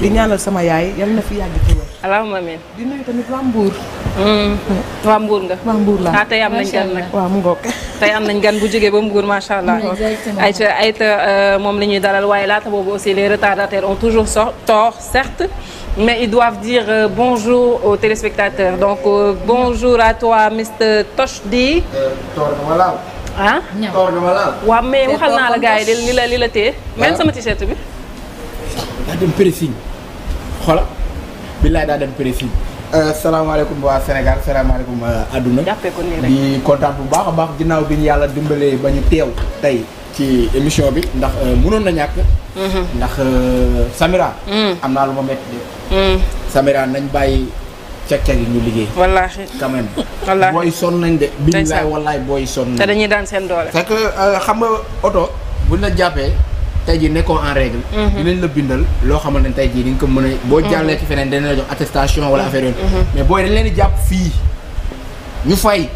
di ñaanal sama yaay yal na fi yàgg ci allahumma amiin. di nuyu Mbour. nga. waa Mbour laa ah tey am nañ gan nag waaw mu tey am nañ gan bu jógee ba Mbour macha allah. ay ayca moom la ñuy dalal waaye laata boobu aussi les retardataires ont toujours tort certes. mais ils doivent dire bonjour aux téléspectateurs donc bonjour à toi Mr Toshdi. toor nga ma ma laal. waaw mais waxal naa la gars yi li la li la téye. waaw sama t-shirt bi. daa dem pressing xoolal. billaay daa dem précis. Euh, salaamaaleykum waa Sénégal salaamaaleykum euh, àdduna. jàppee ko nii bu baax a baax ginnaaw bi ñu yàlla dimbalee ba ñu teew tey. ci émission bi ndax euh, mënoon na ñàkk. Mhm. ndax Samira. Mhm. am naa lu ma métti de. Mhm. Samira nañ bàyyi càq-càq yi ñu liggéey. wallaahi quand même. wallaahi booy sonn nañ de. biñ laay wallaay booy sonn nañ. te dañuy daan seen doole. fekk xam nga oto buñ la jàppee. tey jii nekkoo en règle mhm. dinañ la bindal loo xamante ne tey jii di nga ko mën a mhm. boo jàllee ci feneen dinañ la jox attestation wala mhm. affaire yoon mais booy dañ leen di jàpp fii ñu fay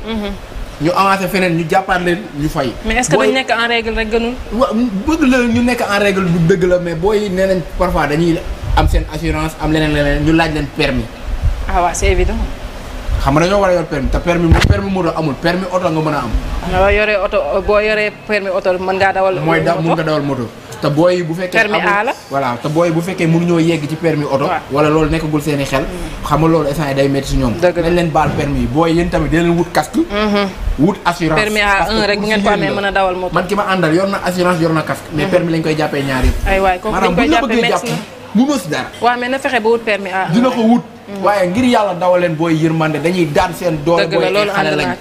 ñu avancé feneen ñu jàppaat leen ñu fay. mais nekk en règle rek gënul. bëgg la ñu nekk en règle du dëgg la mais booy nee nañ parfois dañuy am seen assurance am leneen leneen ñu laaj leen permis. ah waaw c'est évident. xam nga dañoo war a yor permis te permis mu permis moto amul permis oto nga mën a am. nga yoree oto boo yoree permis oto mën ngaa dawal. mooy da mën nga dawal moto. te booy bu fekkee permis A la voilà te yegg ci permis oto wala loolu nekkagul seen xel xam loolu instant day métti ñoom dañ leen baal permis yi booy yéen tamit dee leen wut casque mhm. mais mhm. permis lañ koy jàppee ñaar yëpp ay waay kooku jàppee dina ko wut mhm. waaye ngir yàlla dawaleen booy yërmande dañuy daan seen doole booy xale lañ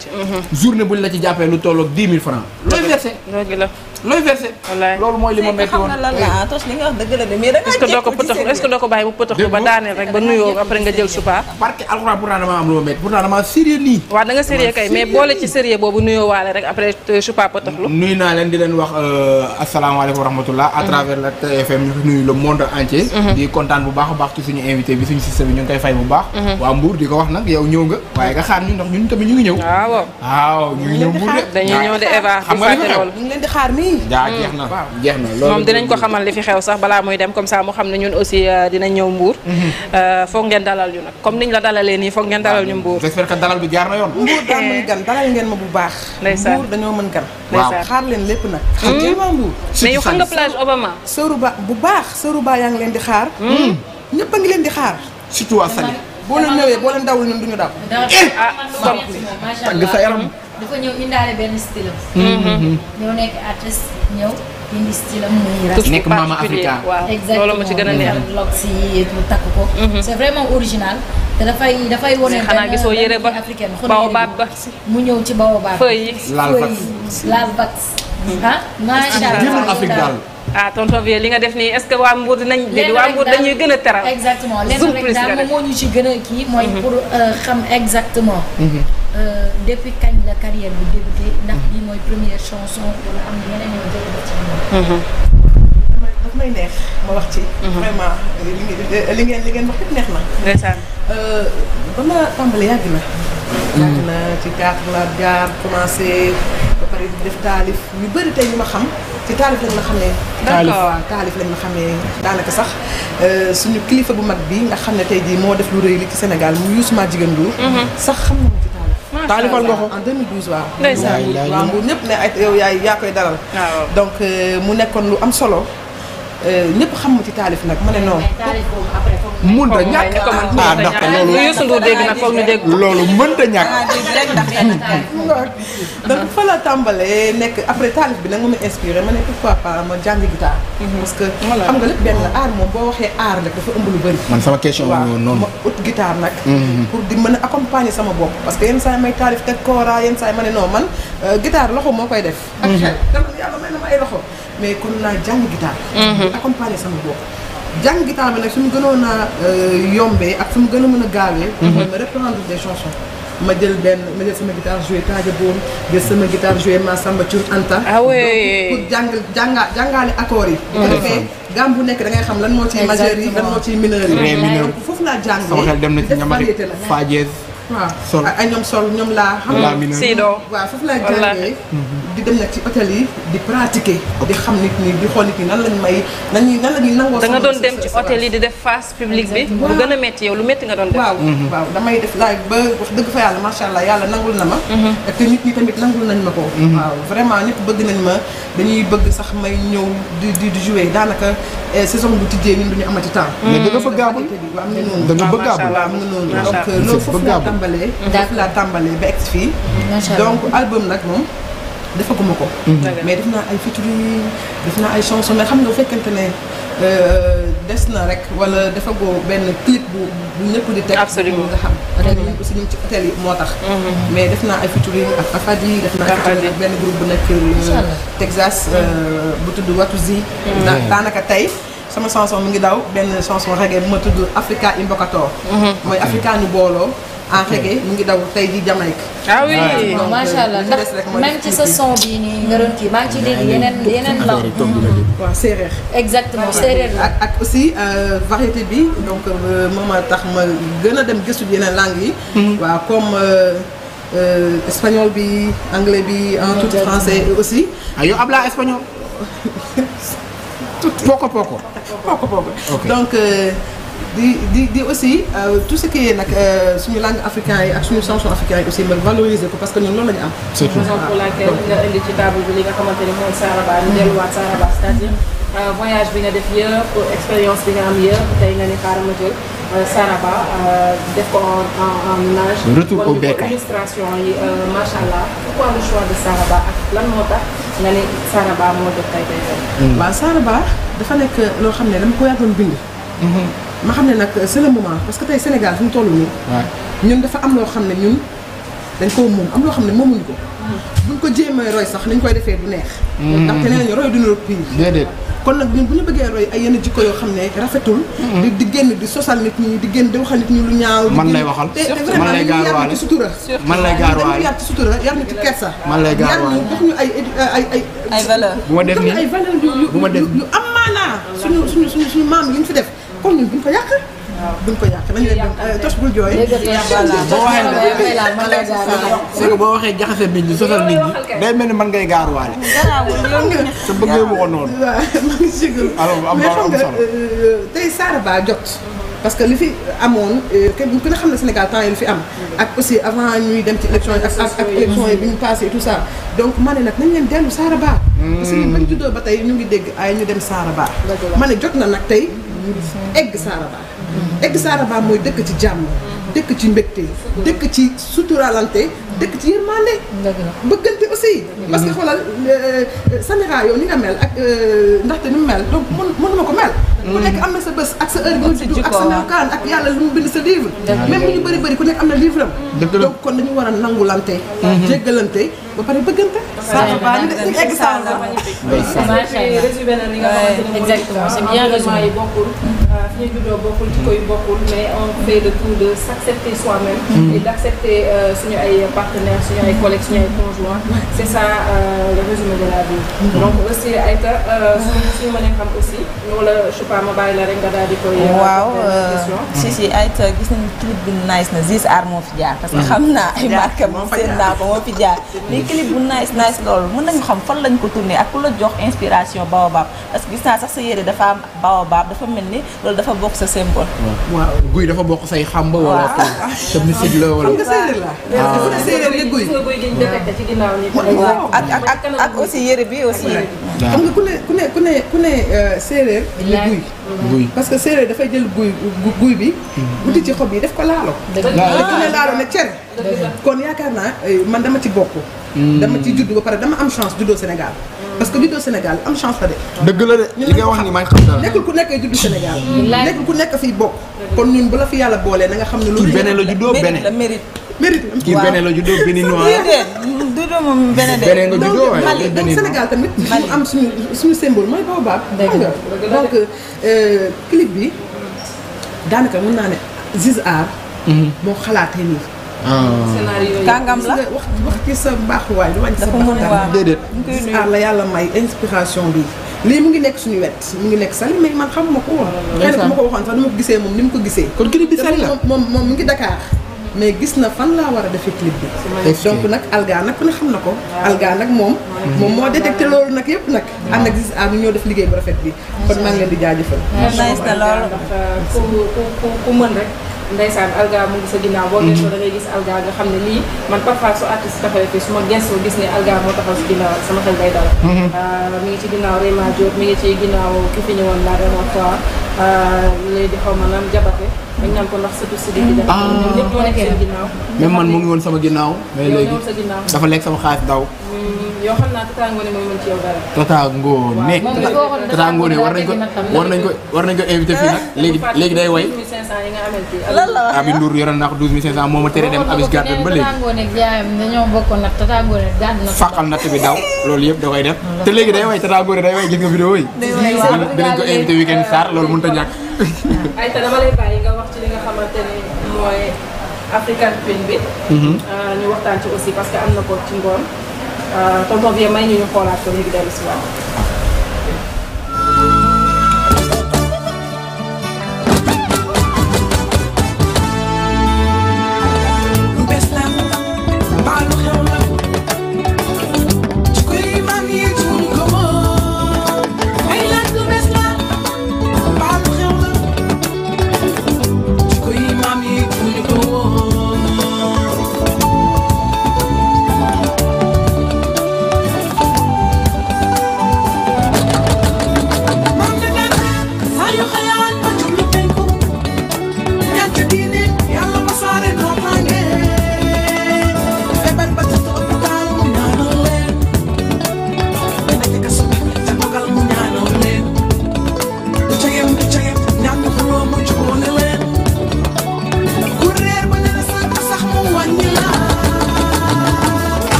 journée buñ la ci jàppee lu tolloog 10 000 francs looy versé looy versé. wallaay loolu mooy li ma métti ah, est doo ko bàyyi bu potox ba daaneel rek ba nuyoo après nga jël supa. barke alxuraan pourtant dama am lu ma métti pourtant dama sérieux nii. waaw da nga kay mais boole ci sérieux boobu nuyoo waale rek après euh, supa potox lu. naa leen di leen wax euh, asalaamaaleykum wa rahmatullah à mhm. la TFM nuyu le monde entier. Mhm. di kontaan bu baax baax ci suñu invité bi suñu système bi ñu ngi koy fay bu baax. Mhm. waa Mbour di ko wax jaa jeex na jeex na loolu moom dinañ ko xamal li fi xew sax balaa muy dem comme ça mu xam ne ñun aussi euh, dinañ ñëw mbuur mhm. euh, foog ngeen dalal ñu nag comme niñ ñu mbuur j'espère que dalal bi jaar na yoon mbuur daa mën eh. gan dalal ngeen ma bu baax ndeysaan mbuur dañoo mën gan ndeysaan xaar leen lépp nag hmm? xam ngeen waa mbuur ba bu baax sëru ba yaa ngi leen di xaar hmm? ñëpp a ngi leen di xaar surtout waa Saly boo leen ñëwee boo leen dawul ñun duñu daw ah tagg sa yaram dafa ñëw indaale benn style am. ñëw nekk artiste ñëw indi style am muy rafet. nekk waa africain la loolu ci gën a neex exactement lox yi takk ko. Mm-hmm. c'est vraiment original. te dafay dafay wane xanaa gisoo yëre ba africaine baobab ba mu ñëw ci baobab. feuilles yi laal vax laal mm-hmm. vax. ah macha allah ah tonton Vieux li nga def nii est-ce que waa Mbour dinañ. léegi waa Mbour dañuy gën a teral. exactement lenn rek daal moom moo ñu ci gën a kii mooy mm-hmm. pour euh, xam exactement. Euh, depuis kañ la carrière bi débuté. ndax bi mooy première chanson wala am na yeneen ci mhm. mhm. vraiment li ngeen li ngeen li ngeen euh, ba ma tàmbali yàgg na. Mhm. yàgg na ci théâtre la jaar commencé ba pare di def taalif yu bëri tey ñu ma xam ci taalif lañ ma xamee. taalif d'accord waaw taalif lañ ma xamee daanaka sax euh, suñu kilifa bu mag bi nga xam ne tey jii moo def lu rëy li ci Sénégal mu Youssou Ndour jigéen sax xam taalifal nga ko en 2012 waaw. ndeysaan waaw ay yow yaay yaa koy dalal. donc euh, mu nekkoon lu am solo. Euh, ñëpp xam ma ci taalif nag ma ne noonu. Ah, ah, mënta ñàkk ah ndax loolu. loolu mënta ñàkk. donc fa la tàmbalee nekk après taalif bi nag ma inspiré ma ne pourquoi pas ma jàngi guitare. Mhm. parce que xam nga lépp benn la boo waxee aar nag dafa lu bëri. man sama question la noonu ma ut guitare mhm. pour di mën a sama bopp. parce que yenn saa yi may taalif teg kooraa yenn saa ma ne non man euh, guitare loxo moo koy def. ak mhm. yàlla may na mais kon naa jàng guitare. Mhm. accompagner sama bopp. jàng guitare bi nag su mu gënoon a euh, yombee ak su mu gën a mën a gaawee. Mhm. mooy ma des chansons. ma jël benn ma jël sama guitare joué Taaja Boom sama guitare joué Massamba Thioune Anta. ah oui pour jàng jànga jàngaale accords yi. bu ko mhm. bu nekk da ngay xam lan moo ciy majeur yi lan moo ciy mineur yi. foofu laa jàngee. sama xel dem na ci ñamari Faajees. waaw sol ay ñoom sol ñoom laa. xam nga Seydou. waaw foofu laa jàngee mhm. di dem nag ci hôtel yi di pratiquer. di xam nit ñi di may nan ñuy nan la ñuy da nga doon dem ci hôtel yi di def face publique bi. bu gën a métti yow lu doon def. waaw mhm. waaw damay def laaj ba wax dëgg fa yàlla macha allah yàlla nangul na ma. Mhm. te nit ñi tamit nangul nañ ma ko. waaw bëgg nañ ma dañuy bëgg sax di di di jouer daanaka eh, saison bu tijjee ñun ñu ah, am na noonu. da nga bëgg gaabul tàmbalee. Mhm. foofu laa tàmbalee ba egsi fii. donc album nag moom. defaguma ko. Mhm. mais def naa ay featuring def naa ay chanson mais xam nga fekkente ne euh, des na rek wala defagoo benn clip bu bu ñëpp di teg. absolument nga xam. hôtel yi aussi yi moo tax. Mhm. mais def naa ay featuring ak Afadi. def naa featuring ak benn euh, euh, bu tudd Watuzi. ndax daanaka tey. sama chanson mi ngi daw benn chanson reggae bu ma tudd Africa Imbokator. mooy africain booloo. en ah, reggae mu ngi daw tey jii Jamaïque. ah oui ah, macha allah ndax même ci sa son bii nii nga doon kii maa ngi ciy dégg yeneen yeneen law. exactement séeréer la ak aussi euh, variété bi donc euh, moom a tax ma gën a dem gëstu yeneen langues yi. Hmm. waaw comme. Euh, espagnol bi anglais bi en tout français aussi. ah yow habla espagnol. poco poco. poco poco donc. di di di aussi euh, tout ce qui est nag euh, suñu langue africain yi ak suñu chanson africain yi aussi mën valoriser ko parce que ñun loolu la ñu am. surtout raison pour laquelle nga indi ci table bi nga xamante ni mooy Saraba delluwaat Saraba cest euh, voyage bi nga def yëpp expérience bi nga am yëpp tey nga ne xaaral ma jël Saraba def ko en en en âge. retour au béykat illustration yi macha allah pourquoi le choix de Saraba ak lan moo tax nga ne Saraba moo def tey tey. waaw Saraba dafa nekk loo xam ne dama ko yàggoon bind. Mm-hmm. ma xam ne nag euh, c'est moment parce que tey Sénégal fu mu toll nii. ñun dafa am loo xam ne ñun dañ koo moom am loo xam ne moomuñu ko. buñ ko jéemee roy sax niñ koy defee du neex. Mm-hmm. ndaxte nee nañu roy du niru pire. kon nag ñun bu ñu bëggee roy ay yenn jikko yoo xam ne rafetul. Mm-hmm. di di génn di sosal nit ñi di génn di waxal nit lu ñaaw. man lay waxal man te te vraiment man lay gaaruwaale yar ci sutura yar ci kersa. man lay gaaruwaale yar ñu jox euh, ay ay ay. ay bu ma def yu am maanaa. suñu suñu suñu maam yi ñu fi def kon ñun duñ ko yàq. waaw ko yàq nañ euh, leen tos bul jooy. boo boo waxee jaxase nit ñi ni man ngay gaaruwaale. sa bëggee waxoon noonu. alors am am solo euh, tey Saara Ba jot. parce que li fi amoon euh, kenn ku ne xam ne Sénégal temps yi li fi am. ak aussi avant ñuy dem ci élection yi ak ak élection yi ma ne nag nañ leen dellu Saara Ba. Hmm. parce que ñun juddoo ba tey ñu ngi dégg ay ñu dem Saara Ba. ma ne jot na nag tey. egg saaraba egg saaraba mooy dëkk ci jàmm dëkk ci mbégte dëkk ci suturaalante dëkk ci yërmande. dëgg la bëggante aussi. parce que xoolal euh, Samira yow ni nga mel ak euh, ndaxte ni mel donc mënuma ko mel. Mm. ku nekk am na sa bés ak sa heure bu juddu ak sa melokaan ak yàlla lu mu bind sa livre. même bu ñu bëri bëri ku nekk am na livre am. donc kon dañu war a nangulante. Mm-hmm. jéggalante ba pare bëggante. waaw waaw ñu ngi egg saa la macha allah résumé na li nga xamante ne exactement euh, ñu mm. ay partenaires suñu ay collègues suñu le résumé de la vie. Mhm. donc aussi Aïta euh, mhm. suñu a xam aussi wala je sais euh, waaw euh, si si Aïta gis nañu clip bu nice na Ziz Art moo fi jaar. parce que mhm. xam naa ay marques moom seen naa ko moo fi jaar. mais clip bu nice nice loolu mën nañu xam fan lañ ko tourné ak ku la jox inspiration baobab parce que gis naa sax sa yére dafa am baobab dafa mel ni loolu dafa bokk sa symbole. waaw guy dafa bokk say xamba. wala te mystique la wala. ak ak ak aussi yére bi aussi. xam nga ku ne ku ne ku ne ku ne euh, séeréer. li guy. parce que séeréer dafay jël guy guy bi. Mm-hmm. wuti ci xob yi def ko laalo. dëgg la ah. ku ne laalo ne cere. kon yaakaar naa euh, man dama ci bokk. Mm. dama ci juddu ba pare dama am chance juddoo Sénégal. parce que juddoo Sénégal am chance la de. dëgg la de li nga wax ni may xam dara nekkul ku nekk juddu Sénégal. nekkul ku nekk fii bokk. kon ñun bu la fi yàlla boolee na nga xam ne. lu beneen la juddoo beneen la mérite mérite la. kii beneen la juddoo béninois juddoo moom beneen de. beneen nga juddoo waaye Sénégal tamit. mu am suñu suñu symbole mooy baobab. dëgg la donc euh, clip bi daanaka mën naa ne Ziz Art. Mhm. moo xalaatee nii. Ah. scénario kàngam la wax wax ci sa baaxuwaay lu wàññi sa baaxuwaay déedéet aar la yàlla may inspiration bi lii mu ngi nekk suñu wet mu ngi nekk sali mais man xamuma ko woon xëy na ma ko waxoon sax ni ma ko gisee moom ni mu ko gisee kon clip bi sali la moom moom mu ngi Dakar mais gis na fan laa war a defee clip bi donc nag alga nag ku ne xam na ko alga nag moom moom moo détecté loolu nag yëpp nag ànd ak gis aar ñu ñoo def liggéey bu rafet bi kon maa ngi di jaajëfal nice na loolu ku ku ndeysaan alga mu ngi sa ginnaaw boo mhm. gëstoo da ngay gis alga nga xam ne lii man parfois su artiste taxawee fii su ma gëstoo gis ne alga moo taxaw si ginnaaw sama xel day dal mhm. ah, mi ngi ci ginnaaw Rema Diop mi ngi ci ginnaaw ki fi ñëwoon la dernière fois ah, léegi xaw ma naan ko ndax surtout si digg dafa ñëpp ñoo man mu ngi woon sama ginnaaw mais léegi dafa lekk sama xaalis daw mm. yow xam naa Tata war nañ ko war nañ ko war nañ ko invité fii nag. léegi léegi day way. lan la wax Abi Ndour yoroon naa ko 12500 moo ma tere dem Abis Garden ba léegi. Tata Ngoné na. faqal natt loolu yëpp da koy def. te léegi day way Tata Ngoné day way gis nga vidéo yi. way waaw dinañ ko invité weekend Sarr loolu mënut a ñàkk. Aïta dama lay bàyyi nga wax ci li nga xamante ne mooy African Queen bi. Mhm. Euh, ñu waxtaan ci aussi parce que am na ko ci ngoon tonton Vieux may ñu ñu xoolaat ko léegi dellu si waat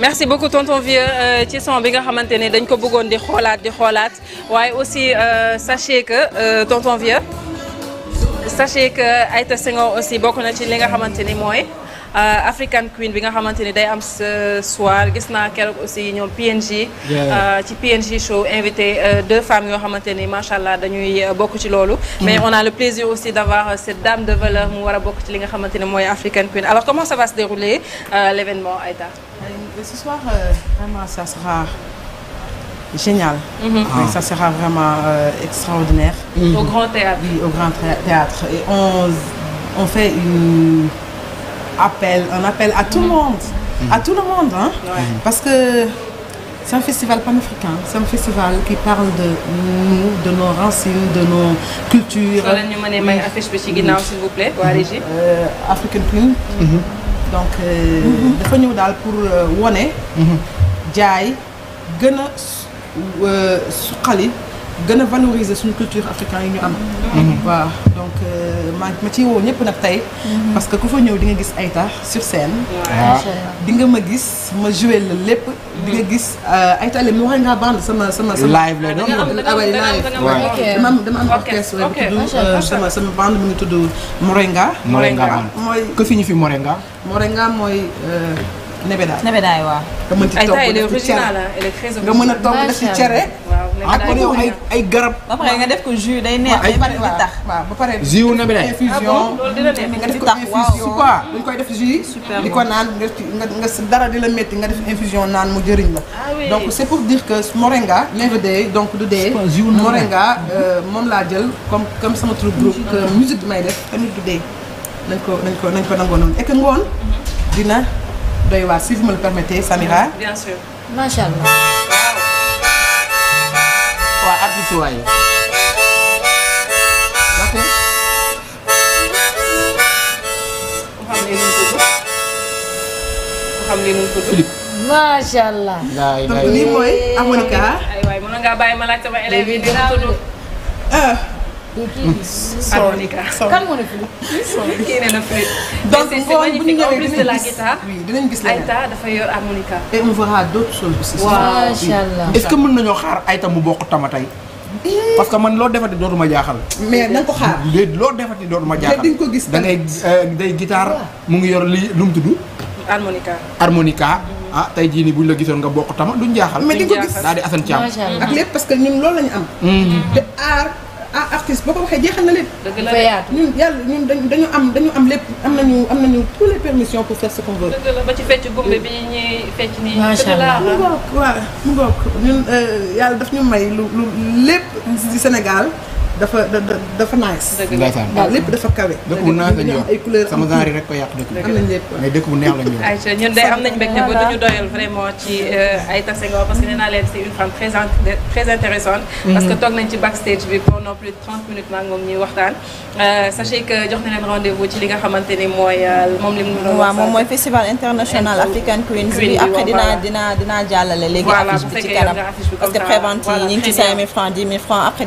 merci beaucoup tonton vieux euh, ci son bi nga xamante ne dañ ko bëggoon di xoolaat di xoolaat waaye aussi euh, sachez que euh, tonton vieux sachez que Aïta Senghor aussi bokk na ci li nga xamante ni mooy. Euh, African Queen bi nga xamante ni day am ce soir gis naa keroog aussi ñoom PNJ euh, ci PNJ show invité euh, deux femmes yoo xamante ni macha allah dañuy bokk ci loolu mm. mais on a le plaisir aussi d'avoir cette dame de valeur mu war a bokk ci li nga xamante ni mooy African Queen alors comment ça va se dérouler l'événement Aïda appel un appel à tout le mm-hmm. monde. à mm-hmm. tout le monde hein. Mm-hmm. parce que c'est un festival panafricain c'est un festival qui parle de nous de nos racines de nos cultures. soo leen ñu mënee may affiche bi ci ginnaaw s'il vous plaît. waa Régie. Euh, African Queen. donc euh, dafa ñëw daal pour euh, wone jaay gën a suqali. gën a valoriser suñu culture africaine yi ñu am. Mhm. waaw donc euh, ma ma ciy woo ñëpp nag tey. Mhm. parce que ku fa ñëw di nga gis Aïta sur scène. Ah. Ah. di nga ma gis ma joué la lépp. di nga gis euh, Aïta le mu nga sama sama. live la am orchestre bu euh, sama sama band mu ngi tudd Moringa. Moringa mooy ko fi ñu fi Moringa. Moringa mooy. nebedaay nebedaay waa nga mën mën a togg def ci cere. ak ah, ay ay garab. ba pare nga def ko jus day neex. Ah, ay tax waaw ba pare. jus wu day infusion ah nga def ko infusion quoi dañ koy def jus. super di ko naan nga nga dara di la métti nga def infusion naan mu jëriñ la. donc c' est pour dire que moringa. never day donc du dee. moringa euh, moom laa jël comme comme sama turu groupe. que may def tamit du dee. nañ ko nañ ko nañ ko nangoo noonu et ngoon dina doy waa si vous me le permettez Samira. bien sûr macha allah. waa artiste waay ok. xam ne nu mu tudd. macha allah. laay laay donc lii mooy Amonika. aywa mën nga bàyyi ma laaj sama élève yi dina harmonica kan moo ne flûte kii nee na flûte donc c'est magnifique en plus de la guitare dinañ gis la Aïta dafa yor harmonica et on verra d'autres choses aussi machallah est-ce que mën nañoo xaar Aïta mu bokk tama tey eh. parce que man loo defati dootuma jaaxal. mais na nga ko xaar. léegi loo defati dootuma jaaxal. dañ ko gis da ngay euh, day guitare mu ngi yor li lu mu tudd. harmonica. harmonica. ah tey jii nii buñ la gisoon nga bokk tama duñ jaaxal. mais di ko gis daal di Assane Thiam. ak lépp parce que ñun loolu lañu am. Hmm. te aar. Ah, artiste boo ko waxee jeexal na lépp. dëgg la ñun yàlla ñun dañu am dañu am lépp am na ñu am nañu tous les permissions pour faire ce qu'on veut. dëgg la bi mm. ñuy fecc nii. macha allah mu ngoog waaw mu ngoog euh, yàlla daf ñu may lu lu lépp. Mm. ci Sénégal. dafa dafa nice. waaw lépp dafa kawe. dëkk bu nice lañ yor am nañ lépp mais neex lañ doyal ci euh, ay Tassegor parce que mhm. parce que toog nañ ci backstage bi pendant plus de 30 minutes maa moom ñuy waxtaan. Euh, sachez que jox na leen rendez-vous ci li nga xamante ni mooy euh, moom li mu doon. moom mooy festival international African Queens bi après dinaa dinaa jàllale léegi affiche bi ci kanam parce que prévente yi ci 5000 francs 10 000 francs après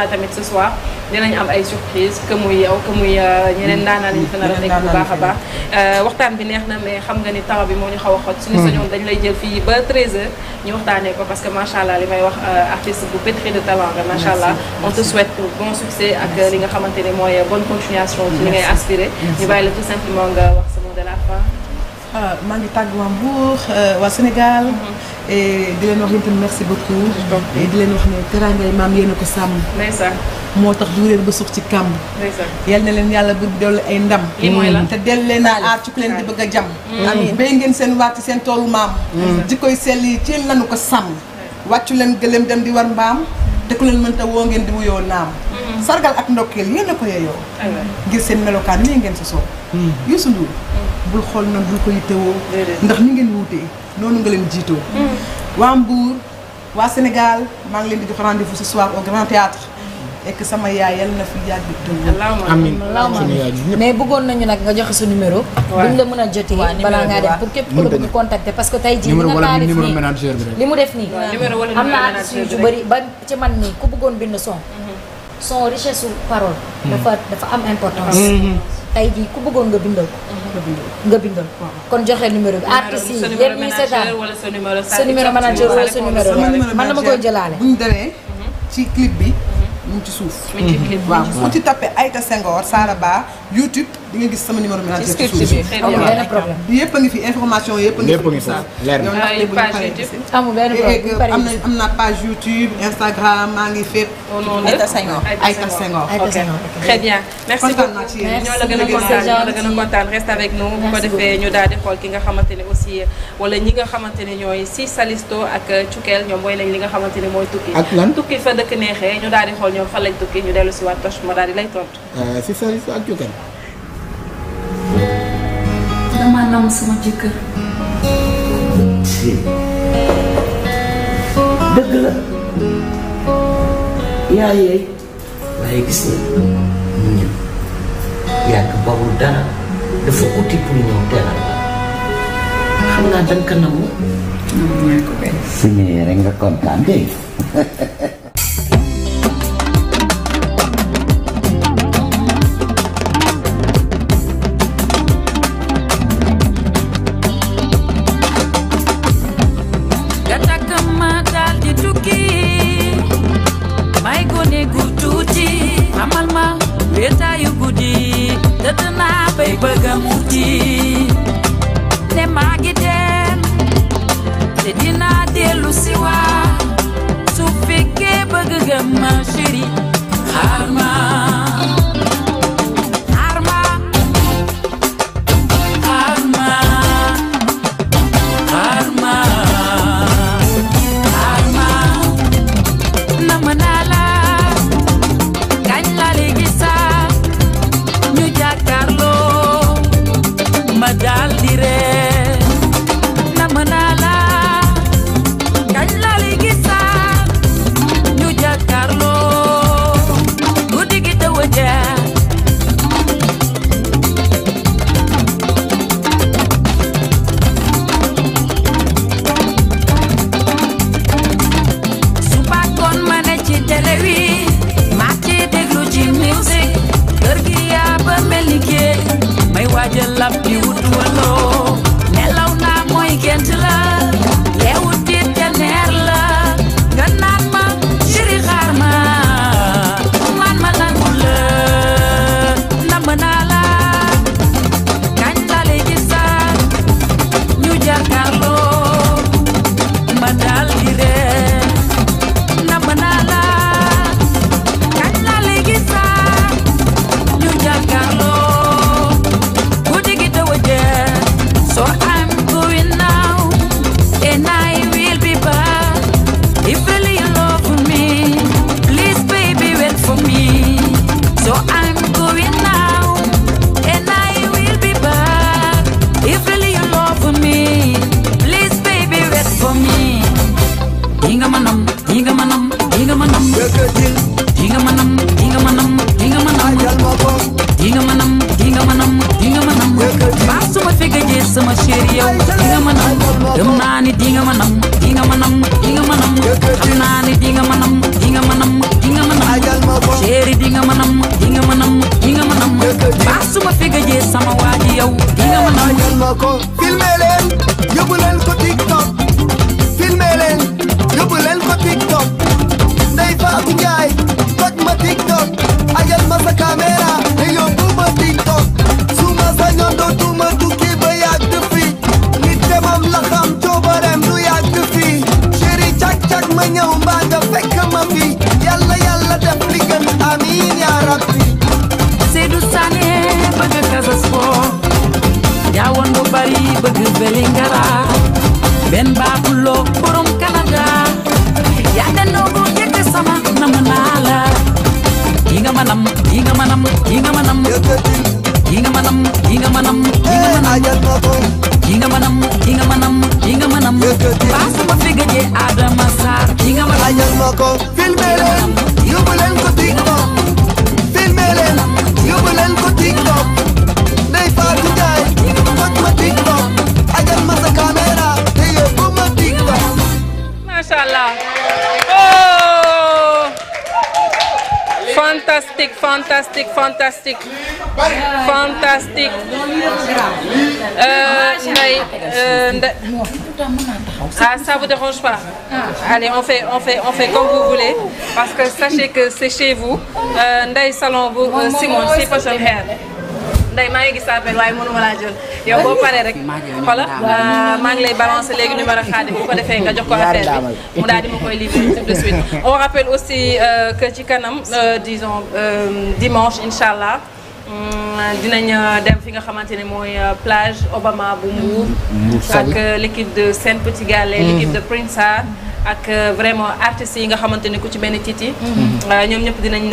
naa tamit ce soir dinañ am ay surprise que muy yow que muy euh, ñeneen daanaa lañu fa nekk bu baax a baax euh, waxtaan bi neex na mais xam nga ni taw bi moo ñu xaw a xot suñu hmm. sañoon dañ lay jël fii ba 13h ñu waxtaanee ko parce que machallah li may wax euh, artiste bu pétri de talent nga machallah on te souhaite bon succès ak li nga xamante ni mooy bonne continuation ci li ngay aspirer ñu bàyyi la tout simplement nga wax sa mot de la fin ah, maa ngi tàgg waa Mbour di leen wax yéen merci beaucoup. et di leen wax ne teraangay maam yéen a ko sàmm. ndeysaan moo tax du leen ba suux ci kàmb. ndeysaan yal na leen yàlla bu dolli ay ndam. lii mooy lan te dellu naa a aar ci ku leen di bëgg a jàmm. Mm. amiin mm. béy ngeen seen waat ci seen toolu maam. di mm. jikkoy sell yi ci lanu ko sàmm. wàccu leen gëlëm dem di war mbaam. te ku leen mënta woo ngeen di wuyoo naam. Mm. sargal ak ndokkeel yéen a ko yeyoo ah ngir seen melokaan nii ngeen sosoo mm. Youssou Ndour mm. bul xool noonu bul ko yittewoo ndax ni ngeen wuutee noonu nga leen jiitoo waa Mbour waa Sénégal maa ngi leen di jox rendez-vous ce Grand Théâtre ek sama yaay yal na fi yàgg tëw amiin mais bëggoon nañu nag nga joxe sa numéro buñ la mën a jotee balaa ngaa dem pour képp ku la bëgg parce que tey jii li mu def nii am na artiste yu bëri ba man nii ku bëggoon bind son mm-hmm. son richesse su parole. Hmm. dafa dafa am importance. Hmm, hmm. tey jii ku bëggoon nga bindal ko. nga bindal ko kon joxe numéro bi. artiste yi yéen ñi seetaan sa numéro. sa numéro manager wala sa numéro man dama koy jëlaale. bu demee ci clip bi. mu ci suuf. waaw ku ci tapé Aïta Senghor Saraba YouTube. di nga gis sama numéro ménager ci suuf si amul benn problème yëpp a ngi fi information yëpp a ngi fi ça yow ndax ah, ñu Instagram maa ngi fépp au la gën a kontaan ñoo avec nous bu ko defee ñu daal di xool ki nga xamante ne aussi wala ñi nga xamante ne ñooy si Salisto ak Cukel ñoom mooy nañ li nga xamante ne mooy tukki ak lan tukki fa dëkk neexee ñu daal di xool ñoom fan lañ tukki ñu dellu si waat Toch ma daal lay tontu euh, si Salisto ak Cukel dama nam sama jëkkër si dëgg la yaa yeey waaye gis na dara dafa uti pour ñëw teral la naa danga ko si ñëwee rek nga kontaan de ko filmé dérange pas ah. on fait, on, fait, on fait comme vous voulez. Parce que sachez que c'est chez vous. Euh, Ndeye Salon bu euh, Simon si fashion hair. Ndeye maa ngi gis appel waaye mënu ma la jël yow boo paree rek voilà maa euh, lay balancer léegi numéro Khadim bu ko defee nga jox ko affaire bi mu daal di tout de suite. On rappelle aussi euh, que ci kanam euh, disons dimanche incha allah. dinañ euh, dem fi nga xamante ne mooy euh, plage Obama bu Mbour. ak euh, l'équipe de Sen Petit Gallé. Mm-hmm. l'équipe de Prince ak vraiment artistes yi nga xamante ne ku ci benn Titi. Mm-hmm. ñoom ñëpp dinañ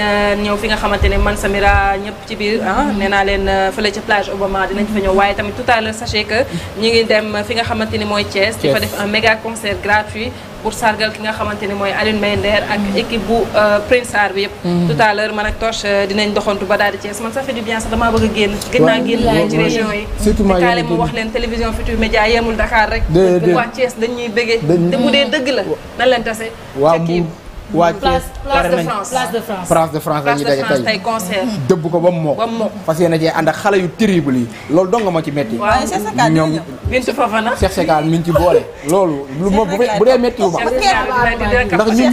ñëw fi nga xamante ne man mira ñëpp ci biir ah mm-hmm. nee naa leen fële ca plage Obama dinañ fa ñëw waaye tamit tout à l'heure sachez que ñu ngi dem fi nga xamante ni mooy Thiès. di fa def un méga concert gratuit. pour sargal ki nga xamante ni mooy Alioune Mbaye Nder ak équipe bu euh, Prince Sarr bi yëpp. Mm-hmm. tout man ak Toch euh, dinañ doxantu ba daal di Thiès man ça fait du bien sax damaa bëgg a génn. gën naa génn ci région yi. surtout maa yéen a wax leen télévision Futurs Médias yemul Dakar rek. déedéet waa Thiès dañ bëggee. te bu dee dëgg la nan leen tase. waa Thiès pare nañ place de de France la ñuy daje tey concert dëbb ko ba mu mokk ba mu mokk fas yéene cee ànd xale yu terrible yi loolu dong nga ma ci metti ñoom Bintou Fofana Cheikh Sekal mi ngi ci boole loolu lu ma bu dee metti wu ma ndax ñun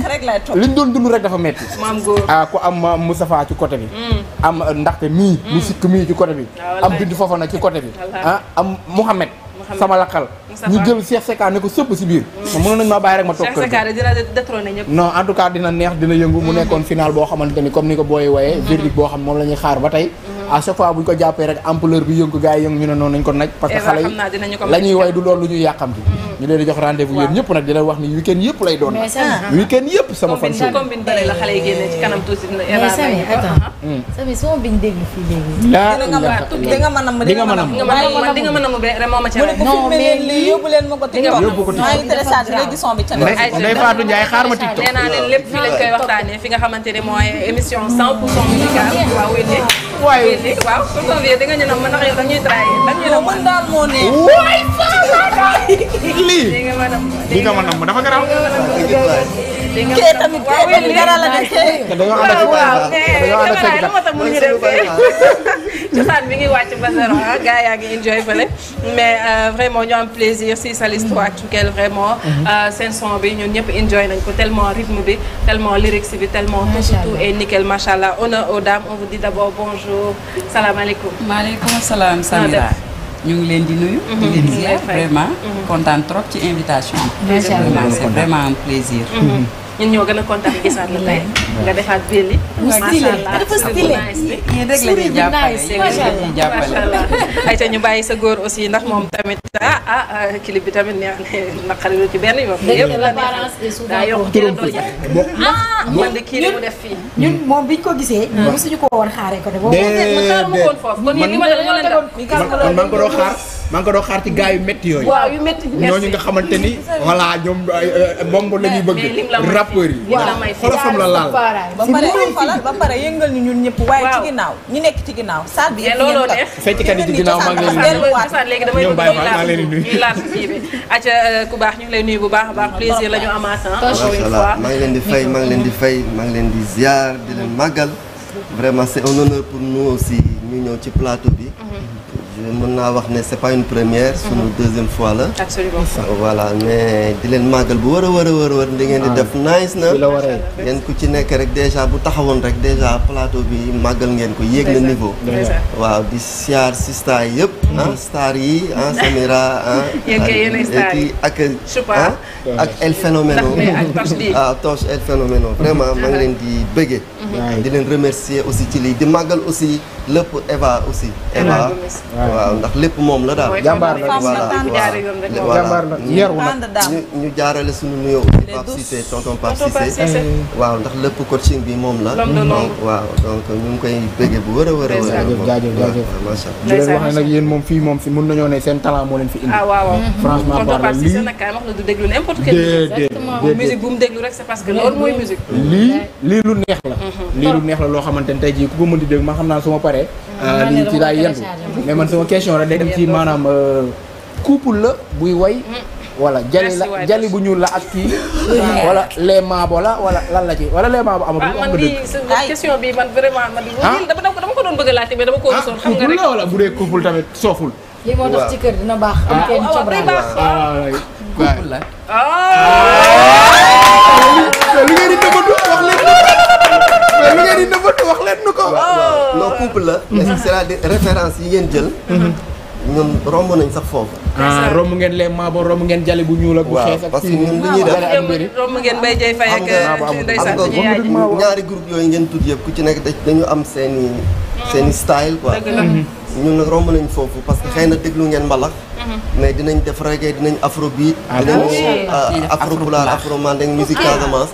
liñ doon dund rek dafa metti ah ku am Moustapha ci côté bi mm. am ndaxte mii mu mm. sikk mii ci coté bi am Bintou Fofana ci côté bi ah am ah, Mouhamed sama lakkal ñu jël Cheikh Secka ne ko sëpp si biir mm. ma mënoon nañu maa bàyyi rek ma toog kër non en dina neex dina yëngu mu mm. nekkoon final boo xamante ni comme ni ko booy woyee mm. verdict boo xam moom la xaar ba tey à chaque fois bu ñu ko jàppee rek ampleur bi yëngu gars yëngu ñu ne noonu nañ ko naj parce que eh xale yi la way du loolu lu ñu yàqamti mm-hmm. ñu leen di jox rendez-vous yéen ñëpp nag di leen wax ni ah. di ah. mm. ah, nga mën a ma di nga mën a ma di nga mën a ma moo ma ci rek non lii yóbbu leen ma ko TikTok yóbbu ko TikTok maa ngi télécharge léegi son bi ca Ndeye xaar ma TikTok nee naa leen lépp fii lañ koy waxtaanee fi nga xamante ne mooy émission 100 pour cent génne waaw pour convier di nga ñu ne ma ndax yow dañuy trahir dañuy la mën daal moo ne waay lii di nga ma nam dafa garaaw kii tamit kii dara la de. dañoo ànd ak dañoo ànd ak fekk cosaan bi ngi yaa ngi enjoy fële mais uh, vraiment ñu am plaisir si sa liste actuelle vraiment. seen bi ñun ñëpp enjoy nañ ko telement rythme bi tellement lyrics bi tellement. macha tout est nickel macha allah honneur aux dames on vous dit d' abord bonjour salaamaaleykum. maaleykum salaam Samira. ñu ngi leen di nuyu. Mhm. di vraiment. Mhm. kontaan trop ci invitation. macha allah vraiment un plaisir. Mhm. ñun ñoo gën a kontaan gisaat la tey nga defaat belli. macha allah dafa stylé suuri bi nice macha allah ñu bàyyi sa góor aussi ndax moom tamit ah, ah ah clip bi tamit neex na naqari lu ci benn yoon. yëpp la neex daa yokk kenn doo ah, ah man de kii la mu def fii. ñun moom biñ ko gisee. Ah. mosuñu ko woon xaaree ko de. déedéet man xaaruma woon foofu kon yéen li ma la la leen def. man man ko doon xaar. maa ngi ko doon xaar ci gars yu métti yooyu. waaw yu métti ñooñu nga xamante ni. voilà ñoom bomb la ñuy bëgg. rappeurs yi xolofam la laal. ba pare xoolal yëngal ñu ñun ñëpp. waaye ci ginnaaw ñi nekk ci ginnaaw. saal bi yëpp ngeen tax feccikat yi ci ginnaaw maa ngi leen di nuyu ñoom bàyyi maa ngi leen di nuyu. ñuy laal kii bi acca euh, ku baax ñu ngi lay nuyu bu baax a baax plaisir la ñu amaat. maa ngi leen di fay maa ngi leen di fay maa ngi leen di ziar di leen màggal vraiment c'est un honneur pour nous aussi ñu ñëw ci plateau bi mm-hmm. mën naa wax ne c'est pas une première. sunu deuxième fois la. absolument voilà mais di leen màggal bu wër a wër a wër wër. di ngeen di ah, def nice na. la yéen ku ci nekk rek déjà bu taxawoon rek déjà plateau bi màggal ngeen ko yéeg na niveau. waaw di siyaar si star yëpp. ah mm-hmm. star yi ah Samira ah. yéen ak ah, ak El Phénoméno. ah Toch Phénoméno vraiment maa ngi leen di bëggee. Mm-hmm. di leen remercier aussi ci lii di màggal aussi lépp Eva aussi. Eva. waaw ndax lépp moom la daal. jàmbaar la jàmbaar la na ñu ñu jaarale suñu nuyoo eh. waaw ndax lépp coaching bi moom la. donc waaw donc ñu ngi koy bëggee bu wër a wër a wër. jaajëf jaajëf jaajëf macha allah. di leen wax ne nag yéen moom fii moom fi mën nañoo ne seen talent moo leen fi indi. ah waaw waaw la du déglu lii lii lu neex la. Mm-hmm. lii lu neex la loo xamante ne tey jii ku ko mën dégg man xam naa su paree lii ci laay yentu mais man sama question rek day dem maanaam couple la buy way voilà jali la jali bu ñuul la ak kii. wala les maabo la wala lan la ci wala les maabo am nga dëgg man question bi dama ko doon bëgg a laajte dama ko gisoon. xam nga la wala bu dee couple tamit sooful. li moo tax ci kër dina baax. am kenn cobraan waaw la. lu ngeen di nëbbatu wax leen nu ko. Oh. non couple la. Mm-hmm. c'est-à-dire référence yi ngeen jël. Mm-hmm. ñun romb nañ sax foofu. ah romb ngeen leen maabo romb ngeen jale bu ñuul ak. bu xees ak parce que ñuy def romb ngeen bay jay fay ak euh, ñaari groupe yooyu ngeen tudd yëpp ku ci nekk dañu am seen mm. seen i style quoi. Mm-hmm. ñun nag romb nañ foofu parce que xëy na déglu ngeen mbalax. mais dinañ def reggae dinañ afrobeat. Ah, dinañ euh, afro pulaar afro mandeng musique ah. Casamance.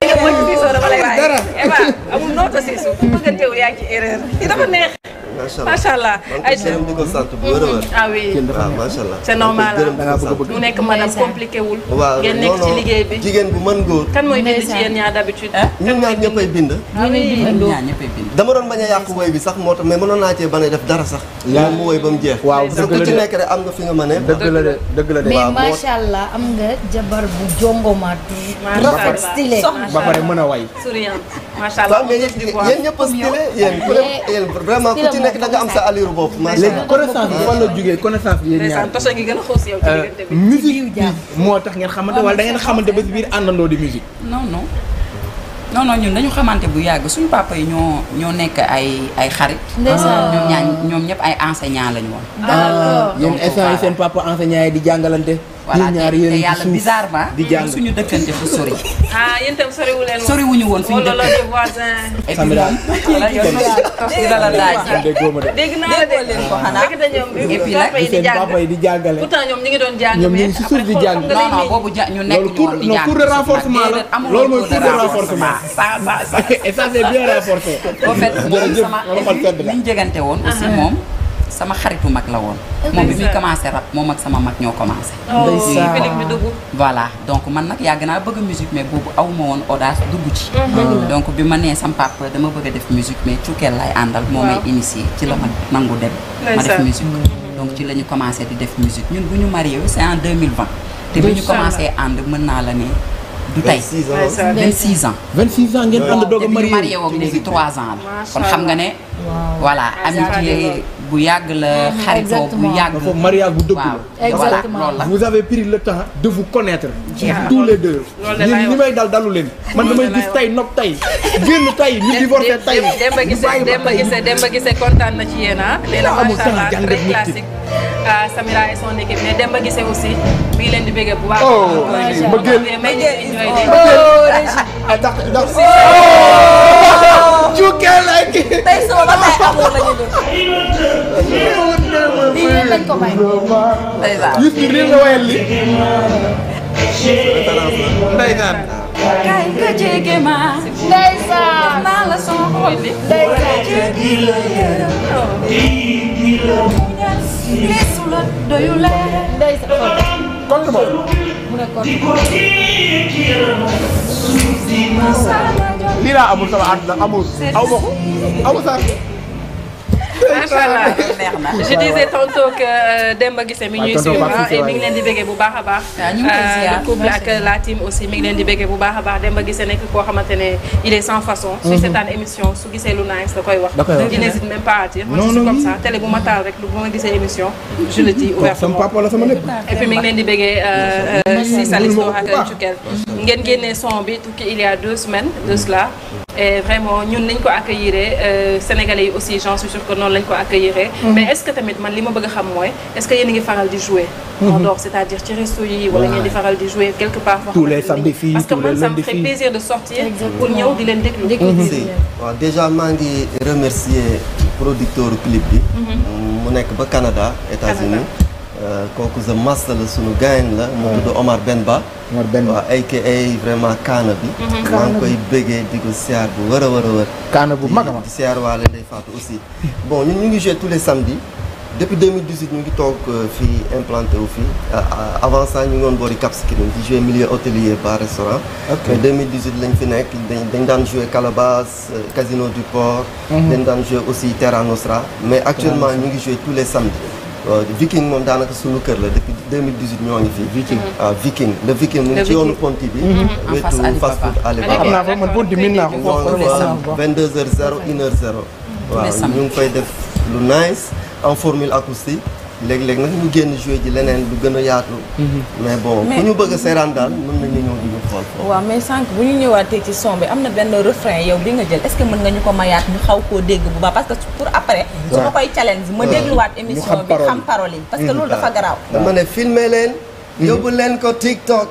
lépp ma ci diisoo dama lay bàyyi. Eva amul nooto si suuf ku bëggante wu yaa ci erreur yi dafa neex. macha allah a wér. ah oui waaw ah, macha allah. c'est normal ah. mu jigéen bu mën góor. kan mooy bind ci yéen ñaar d'habitude. Ah? ñun ñaar ñëppay bind. dama doon bañ a yàq woy bi sax moo tax ma mënoon naa cee bañ a def dara sax. yaa mu woy ba mu jeex. waaw dëgg la de ku am nga fi nga mën dëgg la dëgg la de. mais macha allah am nga jabar bu jongomaat. macha allah stylé. ba pare mën a way. souriant macha allah yéen ñëpp am sa allure bopp. macha allah léegi connaissance bi a xoos yow euh, moo tax ngeen xamante wala da ngeen xamante ba biir àndandoo di musique. non non non non ñun dañu xamante bu yàgg suñu papa yi ñoo ñoo nekk ay ay xarit. ndeysaan ah. ñoom ñaa ñëpp ay enseignant lañu woon. Ah. d'accord yéen seen papa enseignant yi di jàngalante voilà te yàlla bizarrement di jàng suñu dëkkante fu sori. ah yéen itam soriwu leen woon soriwuñu woon suñu dëkkante Samira. voilà yow la laaj. dégg naa la dégg leen ko xanaa. et puis nag papa yi di jàngale. pourtant ñoom ñu ngi doon jàng ñoom ñu ngi si suuf di jàng. non non boobu ja ñu nekk ñu woon di jàng. loolu cours de renforcement la loolu mooy cours de renforcement. ça ça et ça c'est bien renforcé. jërëjëf loolu xol sedd la en fait moom sama li ñu jëgante woon aussi moom. sama xaritu mag la woon. moom bi muy commencé rap moom ak sama mag ñoo commencé. Oh, voilà donc man nag yàgg naa bëgg mais boobu aw woon audace dugg ci. Mhm. Ah. bi ma nee sam papa dama bëgg def musique mais cukkeel lay àndal. moo may initié ci la ma nangu dem. ma def musique donc ci la ñu commencé di def musique ñun bu ñu marié wu c'est en 2020. te bi ñu commencé ànd mën naa la ne. du tey 26 ans 26 ans ngeen ànd doog a marié wu léegi 3 ans la kon xam nga ne. voilà amitié bu yàgg la. Mhm, xaritoo bu yàgg la mariage bu dëgg la. exactement voilà loolu la. vous avez pris le temps de vous connaître. tous les deux. loolu ni may dal dalu leen. man damay gis tey nopp tey. génn tey ñu divorcé tey. Demba Guissé Demba Guissé Demba Guissé kontaan na ci yéen ah. nee na macha allah très classique. Ah, Samira et son équipe mais Demba Guissé aussi mi ngi leen di bëgg bu baax. ma génn ma génn. cukkee la kii. tey soo ba tey amul la ñu dund. lii leen lañ ko may. ndeysaan yus bi lii nga wayal li. ndeysaan. kay nga jege ma. ndeysaan naa la sama xol bi. ndeysaan. lii su la doyul ndeysaan. kon moom. mu ne kon. lii laa amul sama àdduna amul aw ma ko aw ma sax. macha allah neex na je disais tantôt euh, mi ñuy ah, suivre ah, et mi ngi di béggee bu baax a baax. Ah, euh, le couple ak la aussi mi ngi leen di béggee bu baax a baax Demba Guissé nekk koo xamante ne il est sans façon. su mhm. seetaan émission su gisee lu nice da koy wax. da koy wax il n'hésite comme ça télé bu ma taal rek bu ma gisee émission. je le dis ouvertement sama papa la sama lépp. et puis mi ngi di béggee euh, si Salisto ak Cukel. ngeen génnee son bi tukki il y a deux semaines de cela ko noonu lañ ko accueillir mhm. mais est-ce que tamit man li ma bëgg a xam mooy est-ce que yéen a ngi faral di jouer en mhm. c'est-à-dire ci resto yi wala ngeen di faral di jouer quelque part tous les parce que man ça me de sortir pour ñëw di leen déglu mhm. waaw déjà maa ngi remercier producteur clip bi mu nekk ba Canada États-Unis kooku the master la sunu gayen la. mu ah. tudd Omar Benba. Omar Benba waaw ay ay vraiment kaana bi. Mhm. maa ngi koy bëggee di ko siyaar bu wër a wër a wër. kaana bu mag a mag di siyaar waale day faatu aussi. bon ñun ñu ngi joué tous les samedis depuis 2018 ñu ngi toog euh, fii implanté wu fii avant ça ñu ngi woon boori Cap Skirring di joué milieu hôtelier bar restaurant. ok mais 2018 lañ fi nekk dañ daan joué Calabas euh, Casino du Port. Mhm. dañ daan joué aussi Terra Nostra mais actuellement ñu ngi joué tous les samedis. viking moom daanaka sunu kër la depuis 2018 ñoo ngi fi. viking waaw ah, viking mu ngi ci yoonu ponti bi. Mhm. en face Alibaba wetu fast food Alibaba. xam naa fa man ponti min naa ko. foofu la 22h00 1h00. waaw ñu ngi koy def lu nice en formule acoustique. léeg-léeg nag ñu génn joué ji leneen du gën a yaatu. Mhm. mais bon a seeraan daal mën nañu ñëw di ñu xool. waaw mais sànq bu ñu ñëwaatee ci son bi am na benn refrain yow bi nga jël est-ce que mën nga ñu ko mayaat ñu xaw koo dégg bu baax parce que pour après. su ma koy challenge ma dégluwaat émission bi xam parole yi parce que mhm. loolu dafa garaaw. dama ne mhm. filmer leen. yóbbu leen ko TikTok.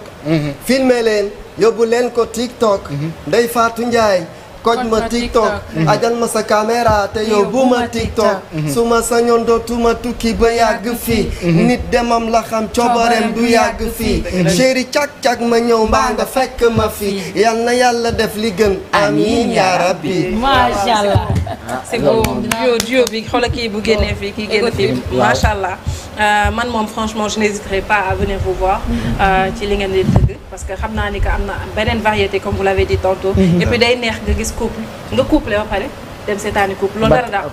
filmer leen yóbbu leen ko TikTok. Ndeye Fatou Ndiaye. koj ma tiktok ajal ma sa caméra te yóbbu ma tiktok su ma sañoon dootuma tukki ba yàgg fii nit demam la xam coobareem du yàgg fii chéri cag-cag ma ñëw mbaa nga fekk ma fii yal na yàlla def li gën amiin yaa rabbi ah, bi bu génnee fii kii génn allah euh, man moom franchement euh, ci li parce que xam naa ni que am na beneen variété comme vous l'avez dit tantôt. Mhm. et puis day neex nga gis couple nga couple ba pare dem seetaani couple loolu dara daax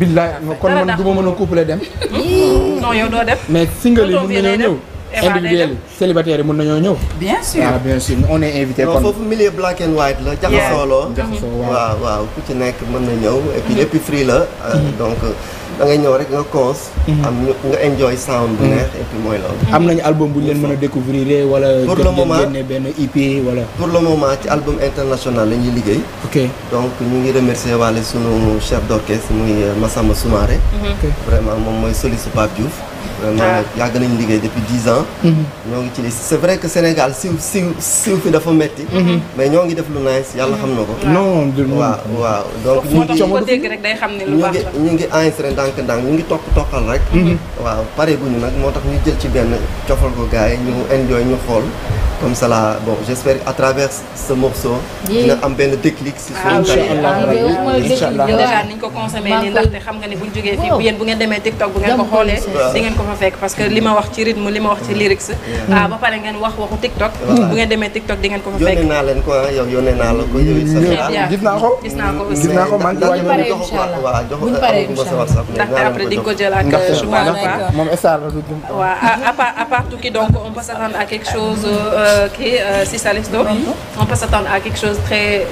billaay kon man du ma mën couple dem. Hmm, non yow doo dem. mais single yi mën nañoo ñëw. individuel yi célibataire nañoo ñëw. bien sûr waaw on est invité kon. foofu milieu black and white la. jaxasoo loo jaxasoo waaw waaw ku ci nekk mën na ñëw et mhm. free la euh, mhm. donc. dangay ñëw rek nga cause. Mhm. am nga enjoy sound bu mhm. neex et mooy loolu. am nañu album bu ñu leen mën a découvrir eh, wala. pour le moment benn EP wala. pour le moment ci album international la ñuy liggéey. ok donc ñu ngi remercier waale sunu chef d' orchestre muy euh, Massamba Soumaré. vraiment moom mooy soli su Pape vraiment euh, ah. yàgg nañu liggéey depuis dix ans. Mhm. ñoo ngi ci li c'est vrai que Sénégal siw siw siw fi dafa metti mhm. mais ñoo ngi def lu nice yàlla xam na ko. Mhm. non waaw waaw donc ñu ngi moo xam ne lu baax la ñu ngi enregistré ndànk ndànk ñu ngi topp toqal rek. waaw pare ñu nag moo tax ñu jël ci benn cofal ko gars yi ñu enjoy ñu xool. comme ça là bon j'espère à travers ce morceau. dina am benn déclic. si suñu ah, carrière ah, incha allah déjà ni ñu ko consommé nii ndaxte xam nga ne bu ñu jógee fii bu yéen bu ngeen demee TikTok bu ngeen ko xoolee. di ngeen ko fa fekk parce que li ma wax ci rythme li ma wax ci lyrics. ah ba pare ngeen wax waxu TikTok. bu ngeen demee TikTok di ngeen ko fa fekk. yónnee naa leen ko ah, yow yónnee naa la ko yow it. gis naa ko gis naa ko aussi gis naa ko man ci wàññi nañu ko waaw jox ko ak ko sa WhatsApp. Euh, kii euh, si Salif Diop. on peut s'attendre à quelque chose très euh,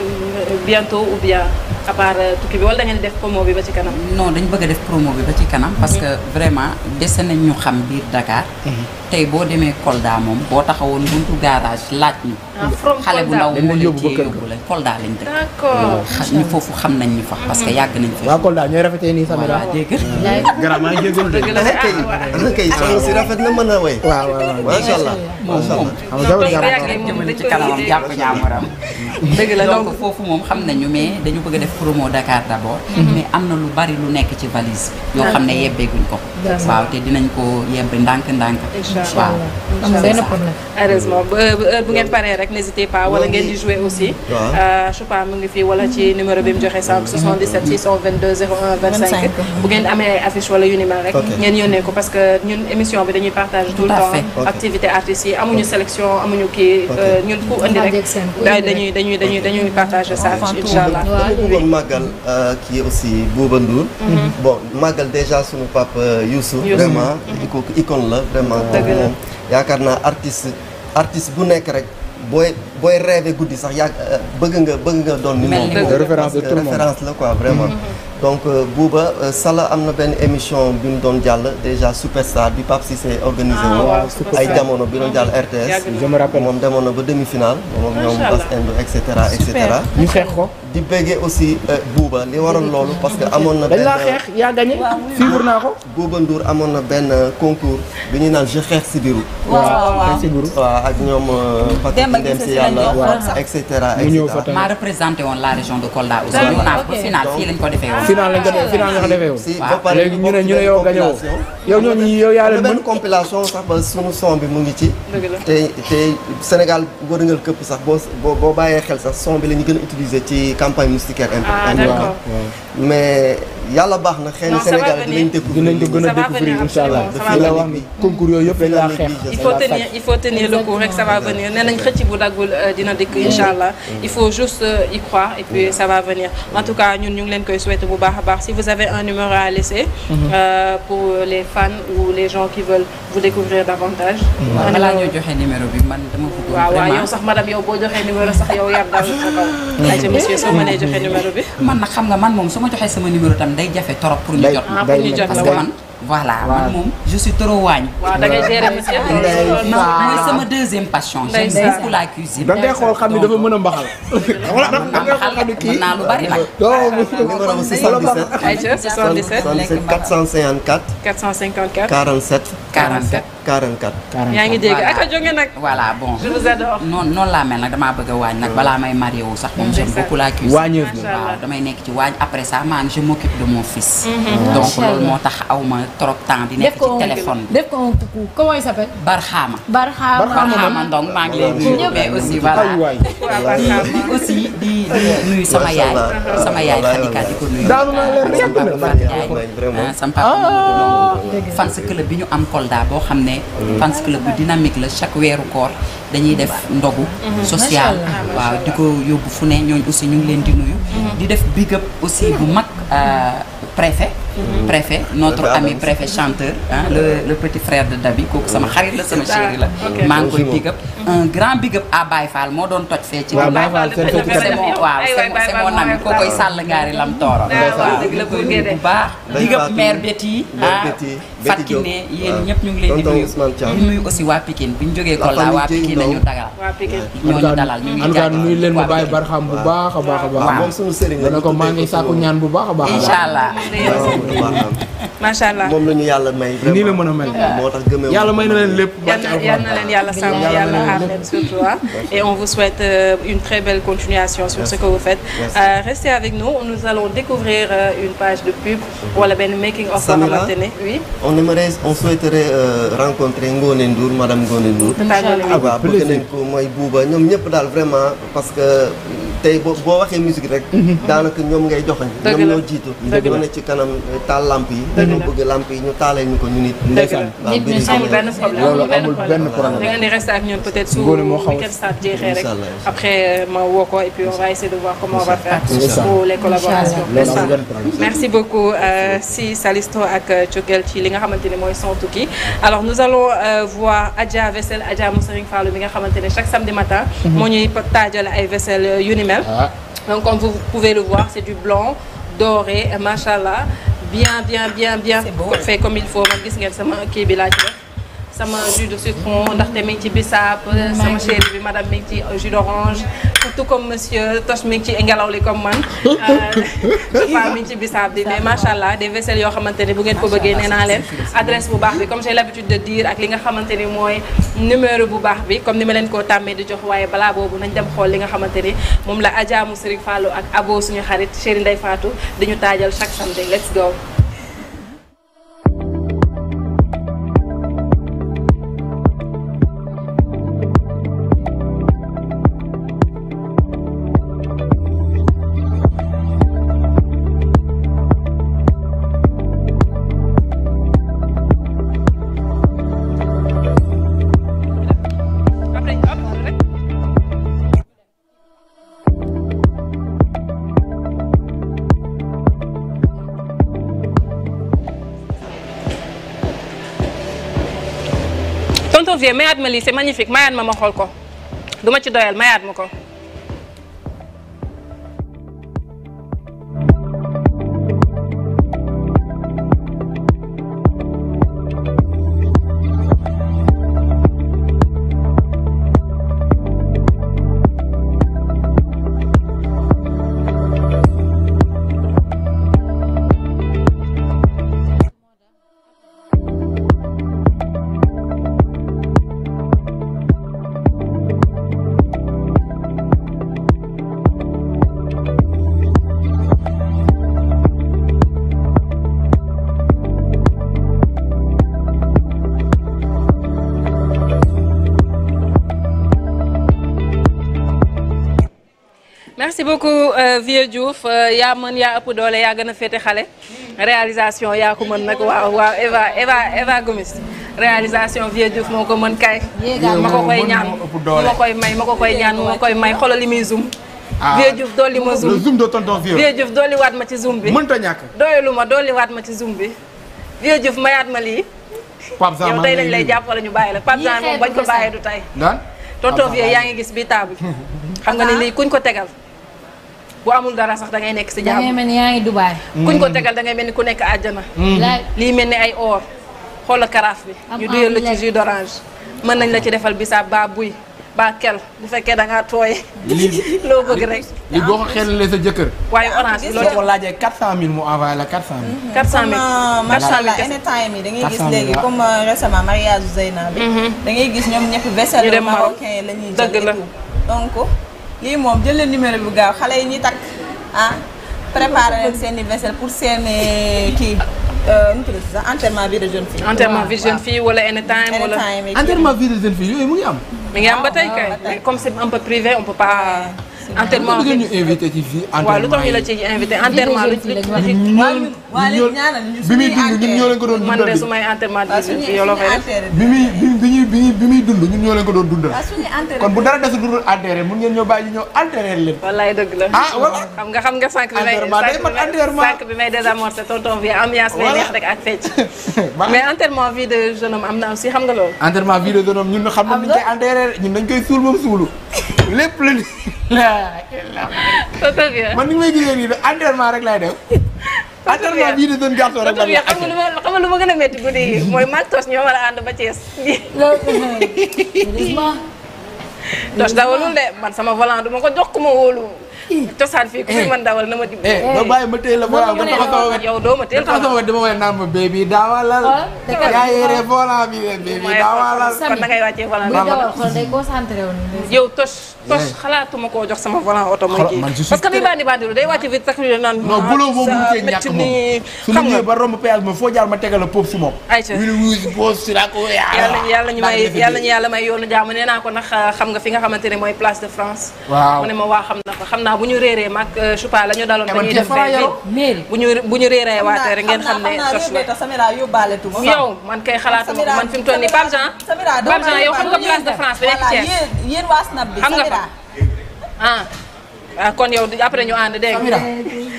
bientôt ou bien. à part euh, tukki bi wala da ngeen def promo bi ba ci kanam. non dañu bëgg a def promo bi ba ci kanam. parce mhm. que vraiment dese nañ ñu xam biir Dakar. Mhm. tey boo demee Kolda moom boo taxawoon buntu garage laaj ñu. Ah, xale bu ndaw moo leen cee yóbbu la Kolda lañ dëkk. d'accord ñu foofu xam nañ ñu fa. parce que mhm. yàgg nañ fa. waaw Kolda ñooy rafetee nii sama. voilà dégg nga. garamaa jégalu de. dëgg la kay soxna si rafet ah, a way. waaw waaw macha allah macha allah. xam nga jabar jàmbaram moom xam nañu mais dañu bëgg def promo Dakar d'abord. Mhm. mais am na lu bari lu nekk ci valise bi. yoo xam ne yebbeeguñ ko. waaw te dinañ ko yebb ndànk-ndànk. waaw am heureusement bu ngeen paree rek n'hésitez pas wala ngeen di jouer aussi. Euh, mhm. bu ngeen amee ay affiche yu ni mel rek. ngeen yónnee ko parce que ñun émission bi dañuy partager tout le activité artistes yi amuñu sélection amuñu kii euh, ñun ku indi rek. dañuy dañuy dañuy dañuy partager ça incha allah. màggal kii euh, aussi Bouba Ndour. Mhm. bon màggal déjà suñu papa euh, Youssou. vraiment mhm. icône la vraiment. dëgg la yaakaar bu nekk rek booy. booy rêvé guddi sax yaa euh, bëgg nga bëgg nga doon. ni moom référence de référence la quoi vraiment. Mm-hmm. donc euh, Bouba euh, Sala am na benn émission bi mu doon jàll déjà Superstar bi Pape Cissé organisé ah, woo. ay jamono bi doon jàll mm-hmm. RTS. je me rappelle moom demoon na ba demi-finale. moom ñoom Bas Endo et cetera ñu xeex ko. di bëggee aussi Bouba li waroon loolu parce que amoon na. benn dañ laa xeex naa ko. Bouba Ndour amoon na benn concours bi ñuy naan je xeex Sibiru. waaw waaw ak ñoom Fatou Demba Cissé la waaw et cetera et la région de Kolda aussi. waaw waaw ok final fii lañ ko defee woon. final lañ ko defee final lañ yaa leen mën compilation sax ba suñu son bi mu ngi ci. te te Sénégal wërngal këpp sax boo boo boo bàyyee xel sax son bi la ñu gën a utiliser ci campagne moustiquaire. ah mais. yàlla baax na xëy na Sénégal dinañ dégg dinañ ko gën a découvrir incha allah daf la wax ni concours yooyu yëpp dañ laa xeex il faut tenir il faut tenir le coup rek ça va venir nee nañ xëcc bu daggul euh, dina dikk mm. incha allah mm. il faut juste euh, y croire et puis ça va venir en tout cas ñun ñu ngi leen koy souhaiter bu baax a baax si vous avez un numéro à laisser mm-hmm. euh, pour les fans ou les gens qui veulent vous découvrir davantage mm-hmm. balaa ñoo joxe numéro bi man dama ko waaw waaw yow sax madame yow boo joxee numéro sax yow yar daal sa kaw mm-hmm. monsieur soo mënee joxe numéro bi man nag xam nga man moom su ma joxee sama numéro tamit day jafe torop pour ñu jot pour ñu jot voilà man moom je suis trop waañ waaw da ngay gérer monsieur non sama deuxième passion j'aime beaucoup la cuisine da ngay xool xam ne dafa mën a mbaxal wala da ngay xool xam ne kii mën naa lu bari nag numéro 44. 44 yaa ngi a jóge nag. voilà bon je vous adore. mel nag damaa bëgg a waañ nag balaa may marié wu sax moom j'aime beaucoup la cuisine. waañeef na waaw damay nekk ci waañ après ça maa ngi je m'occupe de mon mhm. donc loolu moo tax aw ma trop temps di nekk ci téléphone bi. def ko un coucou comment il s'appelle. Barxaama. Barxaama Barxaama maa ngi lay nuyu. mais aussi voilà aussi di. nuyu sama yaay sama yaay Khadika di ko nuyu. daanu naa leen rek ah, ah, bi ñu am Kolda boo xam ne. Mm. fans club bu dynamique la chaque weeru koor dañuy def mm. ndogu. Mm-hmm. social waaw di ko yóbbu fu ne ñooñ aussi ñu ngi leen di nuyu. Mm-hmm. di def big aussi bu mag euh, préfet. préfet notre ami préfet chanteur ah le le petit frère de Dabi kooku sama xarit la sama chéri la maa ngi koy big up un grand big up à Baye moo doon toj fee ci waaw c'est mon ami koo koy sàll ngaari lam tooro bu baax big up maire Betty ah Fat Kiné yéen ñëpp ñu ngi leen di nuyu di nuyu aussi waa Pikine bi ñu jógee Kolda waa Pikine nañu dagal ñooñu dalal ñu ngi jaay nuyu leen ma Baye Barxam bu baax a baax a baax moom suñu sëriñ la ko maa ngi ñaan bu baax a baax incha allah maanaam. macha allah moom la ñu yàlla may. nii la mën a mel moo tax gëmee yàlla may na leen lépp. yal na leen yàlla sàmm yàlla aar leen surtout et on vous souhaite euh, une très belle continuation sur ce que vous faites. Euh, restez avec nous nous allons découvrir euh, une page de pub. wala benn making of. Samira oui. on aimerait on souhaiterait rencontrer Ngone Ndour madame Ngone Ndour. ah waaw bëgg nañ ko mooy Bouba ñoom ñëpp daal vraiment parce que. tey boo boo waxee musique rek mhm. daanaka ñoom ngay joxoñ ñoom ñoo jiitu ñoo ne ci kanam eh, taal lamp yi dañoo bëgg lamp yi ñu taalee ñu ko ñu nit ndeysaan amul benn problème loolu amul benn problème da nga ni reste ak ñun peut-être su week-end start jeexee rek après euh, ma woo ko et puis on va essayer de voir comment on va faire pour les collaborations merci beaucoup euh, si Salisto ak euh, Thiogel ci li nga xamante ne mooy son tukki alors nous allons voir Adja Vaisselle Adja Moussering Fallou bi nga xamante ne chaque samedi matin mhm. moo ñuy taajal ay vaisselle yu ni mel exceptionnel. Ah. Donc comme vous pouvez le voir, c'est du blanc doré, machallah, bien bien bien bien fait comme il faut. Man gis ngeen sama kii bi laa sama jus de citron ndaxte mi ngi ci bisaab sama chérie bi madame mi ngi ci jus d'orange tout comme monsieur Toch mi ci ngelaw li comme man Fapal euh, mi ngi ci bisaab bi mais macha allah des vaisselles yoo xamante ni bu ngeen ko bëggee nee naa leen adresse bu baax bi comme j'ai l'habitude de dire ak li nga xamante ni mooy numéro bu baax bi comme ni ma leen koo tàmmee di jox waaye balaa boobu nañ dem xool li nga xamante ni moom la Adja Moussiri Fallou ak Abo suñu xarit chérie Ndeye Fatou dañu taajal chaque samedi let's go mayaat ma lii c'est magnifique mayaat ma ma xool ko du ma ci doyal mayaat ma ko beaucoup euh, Vieux Diouf euh, yaa mën yaa ëpp doole yaa gën a féete xale. réalisation yaa ko man nag waaw waaw Eva Eva Eva Gomis réalisation Vieux Diouf moo ko mën kay. ma ko koy ñaan ma koy may ma ko koy ñaan ma koy may xoolal li muy zoom. ah Vieux Diouf dolli ma zoom le zoom de tonton Vieux. Vieux Diouf waat ma ci zoom bi. mënta ñàkk doyalu ma dolli waat ma ci zoom bi. Vieux Diouf mayaat ma lii. Pape Zama yow tey lañ lay jàpp wala ñu bàyyi la Pape Zama moom bañ ko bàyyee du tey. tonton Vieux yaa ngi gis bii table. xam nga ko tegal. bu amul dara sax da ngay nekk si jàmm. da ngay mel ni yaa ngi Dubaay. kuñ ko tegal da ngay mel ni ku nekk àjjana. Mm. lii mel ni ay or xoola karaaf bi. ñu duyal la ci d'orange. mën nañ la ci defal bisaab baa buy baa kel bu fekkee da ngaa tooye. lii loo bëgg rek. lii boo ko xeelalee sa jëkkër. waaye orange bi loo ko laajee 400000 mu envoyé la 400000. 400000 mm-hmm. euh, macha allah anytime yi da ngay gis léegi euh, mariage Zeyna bi. Mm-hmm. da ngay gis ñoom ñëpp vaisselle marocain la ñuy jël lii moom jël numéro bu gaaw xale yi ñuy takk ah préparé leen seen i vaisselle pour seen eh, kii. Euh, nu mu tudd sax enterrement vie de jeune fille. enterrement vie de jeune fille wala anytime wala. enterrement jeune fille yooyu mu ngi am. mi ngi am ba kay comme c'est un peu on peut pas. enterrement lu ñu invité ci fii lu tax la ci invité enterrement lu ci bi doon man de su may enterrement di bi muy bi bi muy dund ñun ñoo leen ko doon dundal kon bu dara desul dundal enterré mun ngeen ñoo bàyyi ñoo enterré leen wallaay dëgg la ah wala xam nga xam nga sànq bi may sànq bi may désamorcé tonton bi ambiance bi neex rek ak fecc na aussi xam nga loolu enterrement vie de jeune ñun xam nañ ñu koy enterré ñun dañ koy suul moom suulu lépp la man ni nga may gisee nii de entraînement rek laay def. entraînement bii di doon gàttal rek la. xam nga lu ma lu ma gën a métti guddi yi mooy mag tos ñoo war a ànd ba Thiès. loolu tos dawalul de man sama volant du ma ko jox ku ma wóolu. cosaan fii ku fi eh. mën dawal ma dimbali. Eh, ba ma a ma ma tax a sama wet yow doo ma teel sama wet dama may ma bébi daawalal. yaa yore volant bi leen bébi daawalal. kon da ngay wàccee volant bi dawal xool day concentré woon. yow tos eh. xalaatuma koo jox sama volant oto ma kii parce que muy bandi day wàcc vite sax ñu naan. non buloo ah, moom mënu cee ñàkk su ma ñëwee ba romb péage ma foo jaar ma tegal la pop si moom. ayca wili wili boos si laa ko ah. yàlla yàlla ñu may yàlla may yoonu jaamu nee naa ko ndax ah, xam nga fi nga xamante ne place de France. waaw mu ne ma waa xam naa bu ñu réeree mag euh, Choupa la ñu daloon dañuy def vingt bu ñu bu ñu réeree waatee rek ngeen xam ne tos la yow man kay xalaatuma ko man fi mu toll nii Pape Jean Pape Jean yow xam nga place de France bi nekk Thiès yéen waa snap bi ah. Ah, yow après ñu Samira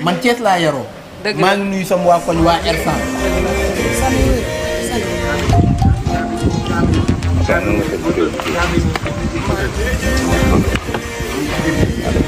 man Thiès laa yaroo dëgg maa ngi koñ waa Ersan Thank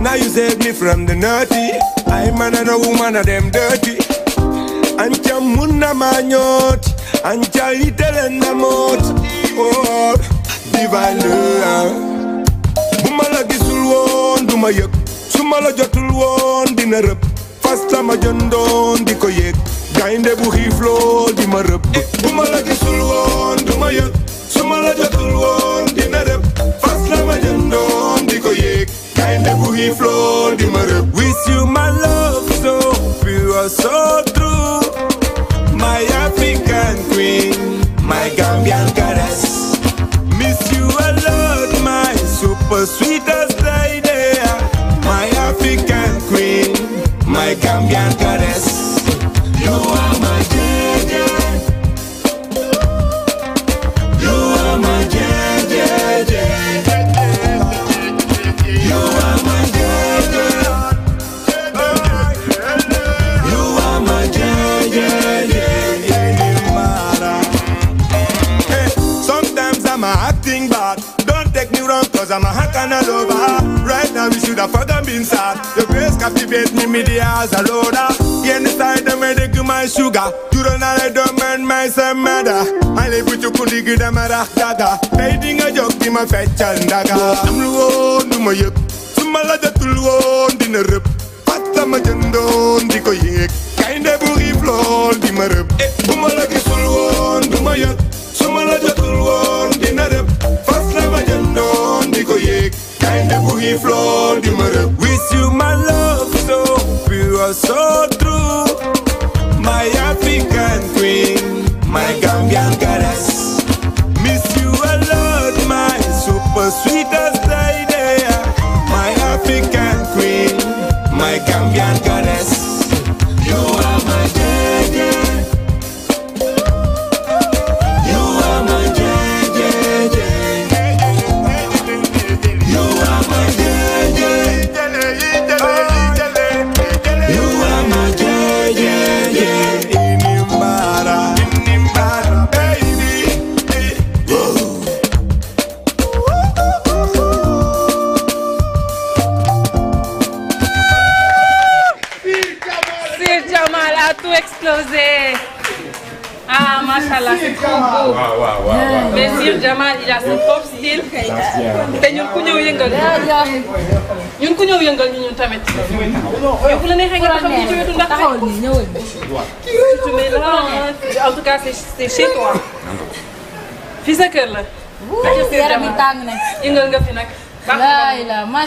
Now you saved me from the naughty. I man and a woman of them dirty. Ancha muna manyot, ancha itele na mot. Oh, divine love. Buma la gisul won, duma yek. Suma la jotul won, dina rep. Fast la ma jondon, di ko yek. Gainde bu xiif lool, di ma rep. Buma la gisul won, duma yek. Suma la jotul Uniflow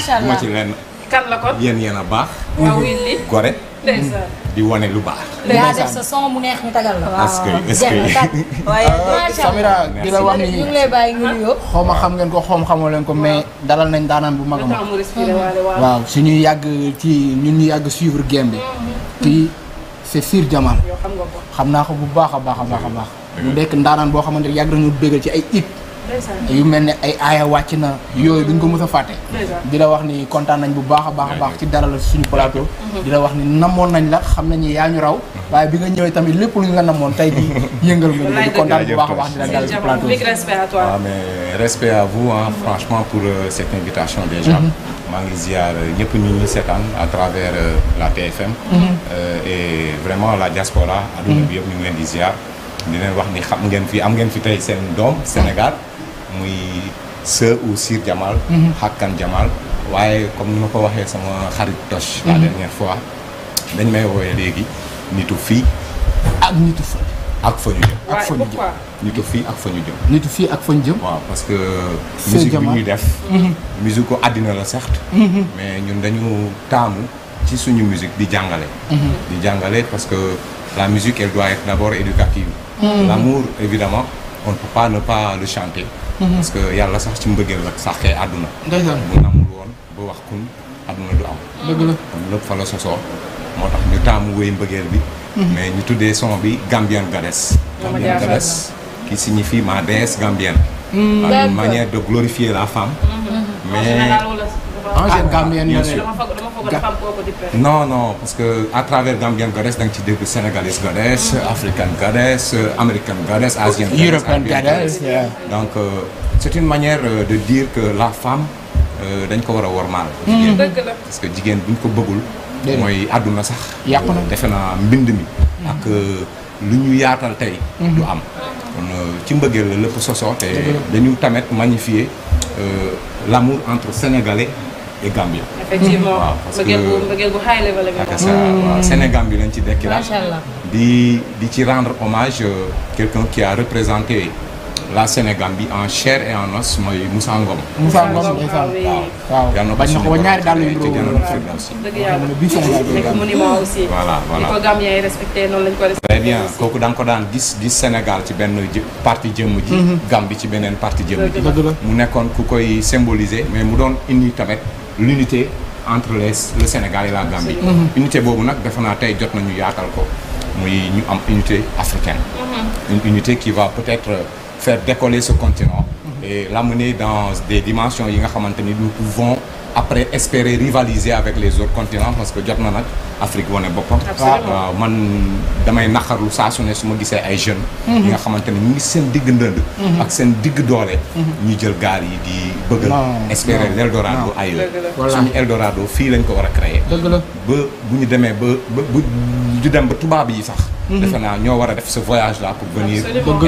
macha allah ma ci leen. kan la kon yéen yéen a baax. waaw li gore. di wane lu baax. yaa def sa mu tagal la. waaw ah, Samira di la wax ni ñu lay bàyyi nga nuyoo. xaw ma xam ngeen ko xaw ma xamoo leen ko mais dalal nañ daanaan bu mag a mag. waaw suñuy yàgg ci ñun ñu yàgg suivre game bi. Mm-hmm. kii c'est Sir Jamal. xam naa ko bu baax a baax a baax a baax. mu nekk ndaanaan boo xamante yàgg nañu bégal ci ay it. yu mel ni ay aaya wàcc na yooyu duñ ko mës a fàtte di la wax ni kontaan nañ bu baax a baax baax ci dalal suñu plateau dina wax ni namoon nañ la xam nañu yaa ñu raw waaye bi nga ñëwee tamit lépp lu ñu la namoon tey di yëngal nga di kontaan bu baax a baax di la dalal ci plateau waaw ah, mais respect à vous hein, pour euh, cette invitation déjà mhm. maa ngi ziar ñëpp ñu ñu seetaan à travers euh, la TFM mhm. euh, et la diaspora adduna bi yëpp ñu ngi leen di ziar di wax ni xam ngeen fi am ngeen fi tey seen doom Sénégal muy sœur ou sir Jamal. Mhm. Hakan Jamal waaye comme ni ma ko waxee sama xarit Toch. la mhm. dernière fois dañ may woowee léegi nitu fii ak nitu fa. ak fa ñu jëm nitu fii ak fa ñu jëm. nitu fii ak fa ñu jëm. parce que. musique bi ñuy def. Mhm. musique ko àddina la certes. mais ñun dañu taamu ci suñu musique di jàngale. di jàngale parce que la musique elle doit être d'abord éducative. l'amour évidemment on ne ne pas le chanter. Mm-hmm. parce que yàlla sax ci mbëggeel la saxee àdduna bu namul woon ba wax kun àdduna du am dëgg la kon lépp fa la sosoo moo tax ñu taamu wéy mbëggeel bi mm-hmm. mais ñu tuddee son bi Gambian Goddess Gambian Goddess qui signifie ma déesse gambienne mm-hmm. une manière de glorifier la femme mais ah jeune non non parce que à travers Gambian Goddess da nga ci dégg Sénégalais Goddess mm. African Goddess American Goddess Asian Goddess donc euh, c'est une manière euh, de dire que la femme euh, dañ ko war a wormaal. Mm. jigéen parce que jigéen buñ ko bëggul. mooy àdduna sax. yàqu na defe na mbind mi. Mm. ak lu ñu yaatal tey. Mm-hmm. du am kon ci mbëggeel la lépp sosoo te dañu tamit magnifier l'amour entre sénégalais. et Gambie. parce que mbëggeel mm. Sénégal bi lañ ci dekki la di ci rendre hommage euh, quelqu'un qui a représenté la Sénégambie en chair et en os mooy Moussa Ngom. Moussa Ngom waaw très bien kooku da ko daan gis gis Sénégal ci benn parti jëmm ji. Mm-hmm. Gambie ci beneen parti jëmm ji. mu nekkoon ku koy symboliser mais mu doon indi tamit. l'unité entre les le Sénégal et la Gambie. Mm-hmm. unité boobu nag defe naa tey jot nañu yaatal ko muy ñu am unité africaine. Mm-hmm. une unité qui va peut-être faire décoller ce continent. Mm-hmm. et l'amener dans des dimensions yi nga xamante ni nous von après espérer rivaliser avec les autres continents parce que jot na nag Afrique wane boppam. waaw man damay naqaru saa su ne su ma gisee ay jeunes. Mhm. ñi nga xamante ne ñu ngi seen digg ndënd. Mhm. ak seen digg doole. Mhm. ñu jël gaal yi di bëgg a. espérer l' Eldorado ailleurs. suñu Eldorado fii lañ ko war a créer. dëgg ba bu ñu demee ba ba ñu dem ba tubaab yi sax. defe naa ñoo war a def sa voyage là pour venir.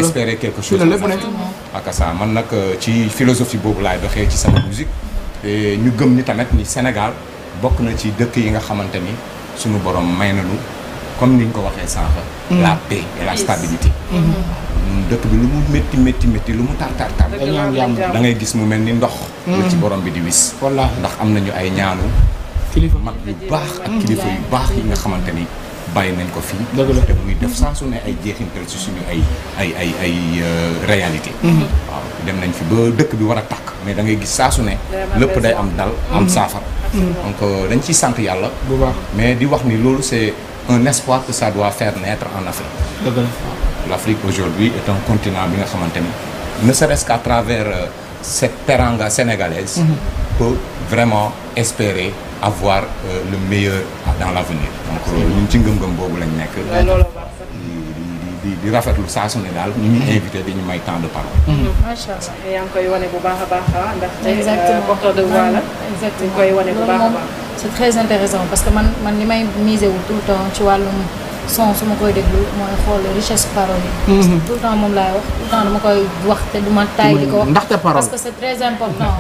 espérer quelque chose. la lépp nekk ak ça man nag euh, ci philosophie boobu laay doxee ci sama musique. Eh, ñu gëm ni tamit ni Sénégal bokk na ci dëkk yi nga xamante ni suñu borom may nañu comme ni ñu ko waxee sànq. Mm-hmm. la paix la stabilité. Mm-hmm. dëkk bi lu mu métti métti métti lu mu tar tar tar. da ngay gis mu mel ni ndox. lu ci mm-hmm. borom bi di wis. ndax am nañu ay ñaanu. kilifa mag yu baax ak kilifa yu baax yi nga xamante ni. bàyyi nañ ko fii te muy def saa su ne ay jeexintal si suñu ay ay ay ay euh, réalité mhm. waaw dem nañ fi ba dëkk bi war a tàkk mais da ngay gis saa su ne lépp day am dal mhm. am saafara donc euh, dañ ciy sant yàlla bu mais di wax ni loolu c'est un espoir que ça doit faire naître en Afrique waaw l'Afrique aujourd'hui est un continent bi nga xamante ni ne serait-ce qu'à travers euh, cette teranga sénégalaise mhm. peut vraiment espérer avoir euh, le meilleur ah, dans l'avenir donc euh, ñun ci ngëm-ngëm boobu lañ nekk di di rafetlu saa su ne daal ñu ngi invité ñu may temps de parole. Mm-hmm. Mm-hmm. macha allah yaa koy wane bu baax a baax ah, ndax. Euh, exactement porteur de voix exactement koy wane a baax. c'est très intéressant parce que man man li may miser wu tout le temps ci wàllum. son su ma koy déglu mooy xool richesse parole yi. Mhm. tout le temps moom laay wax tout le temps dama koy wax te du ma taay di ko wax. ndaxte parole que c' est très important.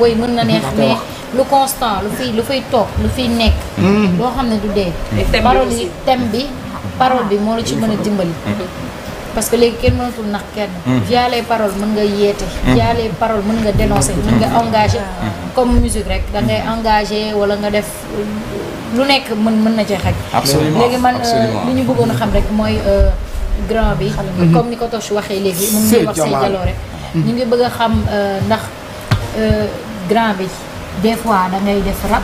c' mën na neex mais lu constant lu fiy lu fiy toog lu fiy nekk. Mhm. loo xam ne du dee. parole yi thème bi parole bi moo la ci mën a dimbali. Mhm. parce que léegi kenn mënatul nax kenn. via les mën nga yeete. via les paroles mën nga dénoncer mën nga engagé. comme musique rek da engage engagé wala nga def. lu nekk mën mën na jeex xaj. absolument léegi man euh, li ñu bëggoon a xam rek mooy euh, grand bi. comme ni ko si waxee léegi. mu ngi wax say jaloore ah. ñu ngi bëgg a xam euh, ndax grand bi des fois da ngay def rap.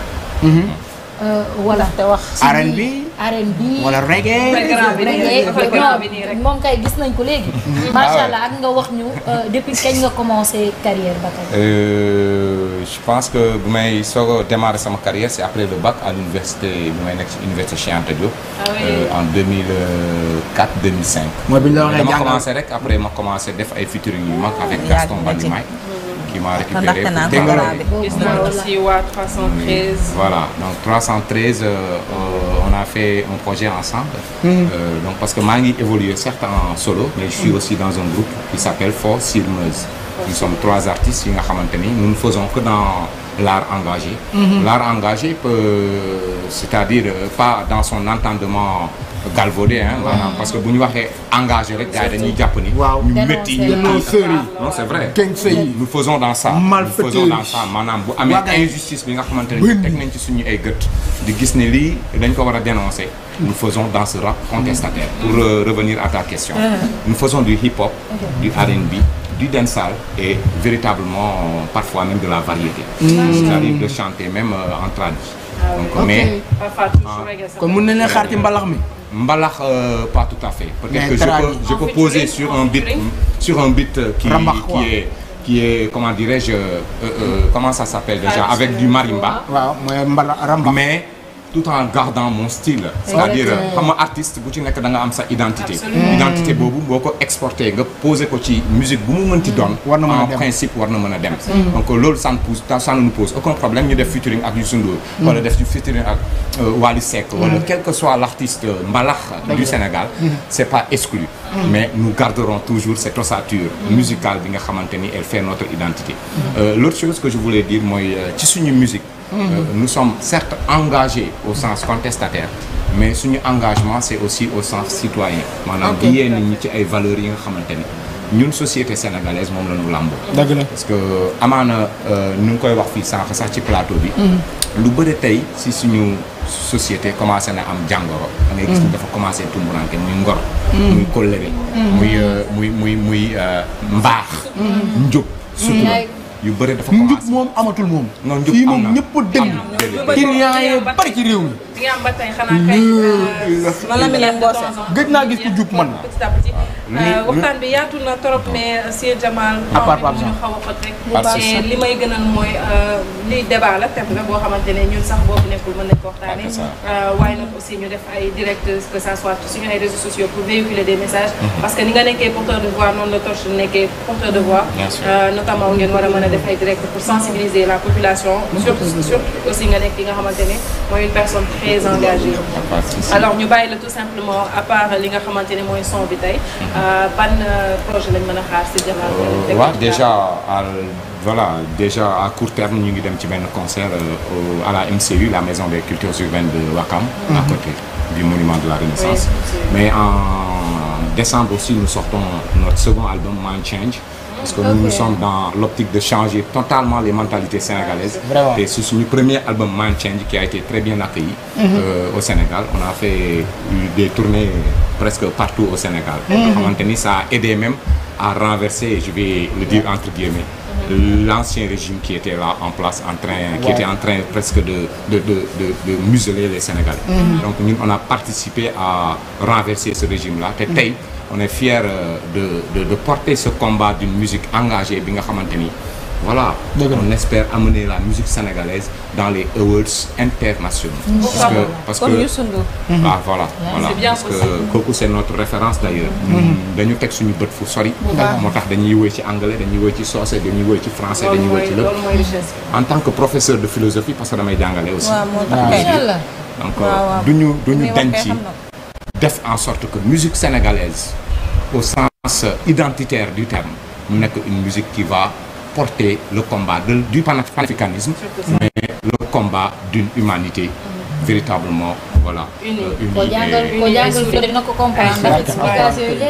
wala mm-hmm. te wax. arène bi. R&B wala reggae reggae moom kay gis nañ ko léegi ah macha ak nga wax ñu euh, depuis nga commencé carrière ba tey euh, je pense que bu may soo a démarrer sama carrière c'est après le bac à l'université bu may nekk ci université Cheikh Anta Diop ah euh, en 2004 2005 mooy cinq ñu la waxee jàngal dama commencé rek après ma commencé def ay featuring yu mag avec ah, Gaston Bandimay qui m'a récupéré pour Tengalore gis naa aussi waa 313. voilà donc 313 euh, euh, on a fait un projet ensemble. Mm -hmm. euh, donc parce que maa ngi évoluer certes en solo. mais je suis hmm. aussi dans un groupe qui s'appelle Force Sirmeuse. nous sommes trois artistes yi nga xamante ni nous ne faisons que dans l'art engagé. Mm -hmm. l'art engagé peut euh, c'est-à-dire euh, pas dans son entendement. galvaudé hein ah. parce que bu ñu waxee engagé rek gars yi dañuy jàpp ni. waaw ñu métti ñu kii non c' est vrai. nous faisons dans ça. nous faisons dans ça maanaam xamante ne teg nañ ci suñu ay gët. di gis ne lii dañ ko war a dénoncer. nous faisons dans ce rap contestataire. pour euh, revenir à ta question. Ah. nous faisons du hip hop. du R&B du dancehall et véritablement parfois même de la variété. cest à de chanter même euh, en trad. donc mais ah. kon mën nañ leen xaar mbalax mi. mbalax euh, pas tout à fait. peut-être que je peux poser sur un beat sur euh, un beat qui qui est comment dirais-je euh, comment ça s'appelle déjà avec du marimba. mais. tout en gardant mon style c'est-à-dire xam artiste bu ci nekk da am sa identité identité boobu boo ko exporté nga posé ko ci musique bu mu mënti doon en principe war na mën a dem donc loolu ça ne pose ça ne nous pose aucun problème ñu def featuring ak Youssou Ndour mm. wala def featuring ak euh, Wally Seck mm. wala quel que soit l'artiste euh, mbalax du Sénégal mm. c'est pas exclu mais nous garderons toujours cette ossature musicale bi nga xamante ni elle fait notre identité euh, l'autre chose que je Euh, nous sommes certes engagés au sens contestataire mais suñu engagement c'est aussi au sens citoyen maanaam di yee nit ñi ci ay valeurs yi nga xamante ni ñun société sénégalaise moom la ñu làmboo. dëgg la parce que amaana euh, ñu ngi koy wax fii sànq sax ci plateau bi. Mm-hmm. lu bëri tey si suñu société commencé na am jàngoro. da ngay gis ni mm-hmm. dafa commencé tumburanke muy ngor. Mm-hmm. muy kóllëre. muy euh, muy muy muy mbaax. njub yu bëri dafa commencé njub moom amatul moom. non njub am na fii moom ñëpp a dem. client yi bari ci réew mi. di nga am ba tey xanaa kay. wala euh, mi leen boose gëj naa gis ku jub man. Euh, waxtaan bi yaatu na trop mais euh, Sir Jamal. à part Pape Jean xaw a rek. mais li may gënal mooy li débat la thème la boo xamante ne ñun sax boobu nekkul mën nañ ko waxtaanee. waaye nag aussi ñu def ay direct que ça soit suñu ay réseaux sociaux pour véhiculer des messages. Mhm. parce que ni nga nekkee porteur de voix noonu la Torche nekkee porteur de voix. notamment ngeen war a mën a def ay direct pour sensibiliser la population. surtout surtout aussi nga nekk ki nga xamante ne mooy une personne. très engagé la tout simplement à part li nga xamante ne mooy son bi tey mhm. euh, ban euh, projet lañ mën a xaar si euh, ñu ngi dem ci benn concert à la MCU la maison des cultures urbaines de Wakam à mhm. côté du monument de la Renaissance mais en décembre aussi nous sortons notre second album Mind Change parce que nous, nous sommes dans l'optique de changer totalement les mentalités sénégalaises. Vraiment. Et c'est notre premier album Man Change qui a été très bien accueilli mhm. euh, au Sénégal. On a fait des tournées presque partout au Sénégal. Mhm. Maintenant, ça a aidé même à renverser, je le dire entre guillemets, l'ancien régime qui était là en place, en train, qui en train presque de, de, de, de, museler les Sénégalais. Mm Donc nous, a participé à renverser ce régime-là. Mm -hmm. on est fier euh, de, de, de porter ce combat d'une musique engagée bi nga xamante ni voilà on espère amener la musique sénégalaise dans les awards internationaux mmh. parce que parce que mmh. ah voilà voilà parce que kooku c'est notre référence d'ailleurs mmh. dañu teg suñu bët fu sori moo tax dañuy woy ci anglais dañuy woy ci soose dañuy woy ci français dañuy woy ci lépp en tant que professeur de philosophie parce que damay jàngale aussi donc euh, duñu duñu dañ ci def en sorte que musique sénégalaise au sens identitaire du terme mu nekk une musique qui va porter le combat de, du panafricanisme mais le combat d'une humanité mm-hmm. véritablement voilà. Euh, unique koo jàngal koo jàngal fii dina ko comprendre.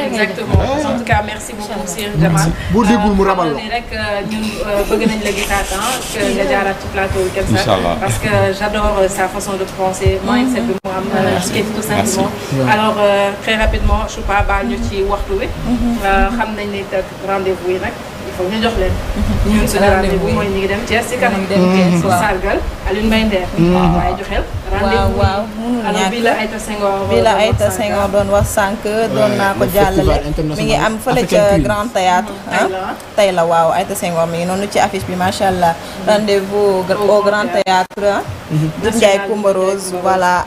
exactement en tout cas merci beaucoup Cheikh Jamal. boo déggul mu euh, rabal la ni rek euh, ñun bëgg nañ la gisaat ah. que nga jaaraat ci plateau bi comme ça. parce que j'adore sa façon de penser. mindset bi mu am. tout simplement. alors très rapidement Choupa baal ñu ci waxtu wi. Mhm. xam nañ ne rendez-vous yi nag. foog ñu jox leen. ñun mhm. suñu rendez-vous mooy ñu ngi dem mhm. waaw mhm. waaw waaye joxeel. bi la Aïta Senghor. doon wax sànq doon naa ko jàllale. mi ngi am fële ca Grand Théâtre ah. tey la waaw Aïta Senghor mi ngi noonu ci affiche bi macha allah. rendez au Grand Théâtre ah. Ndiaye Coumba Rose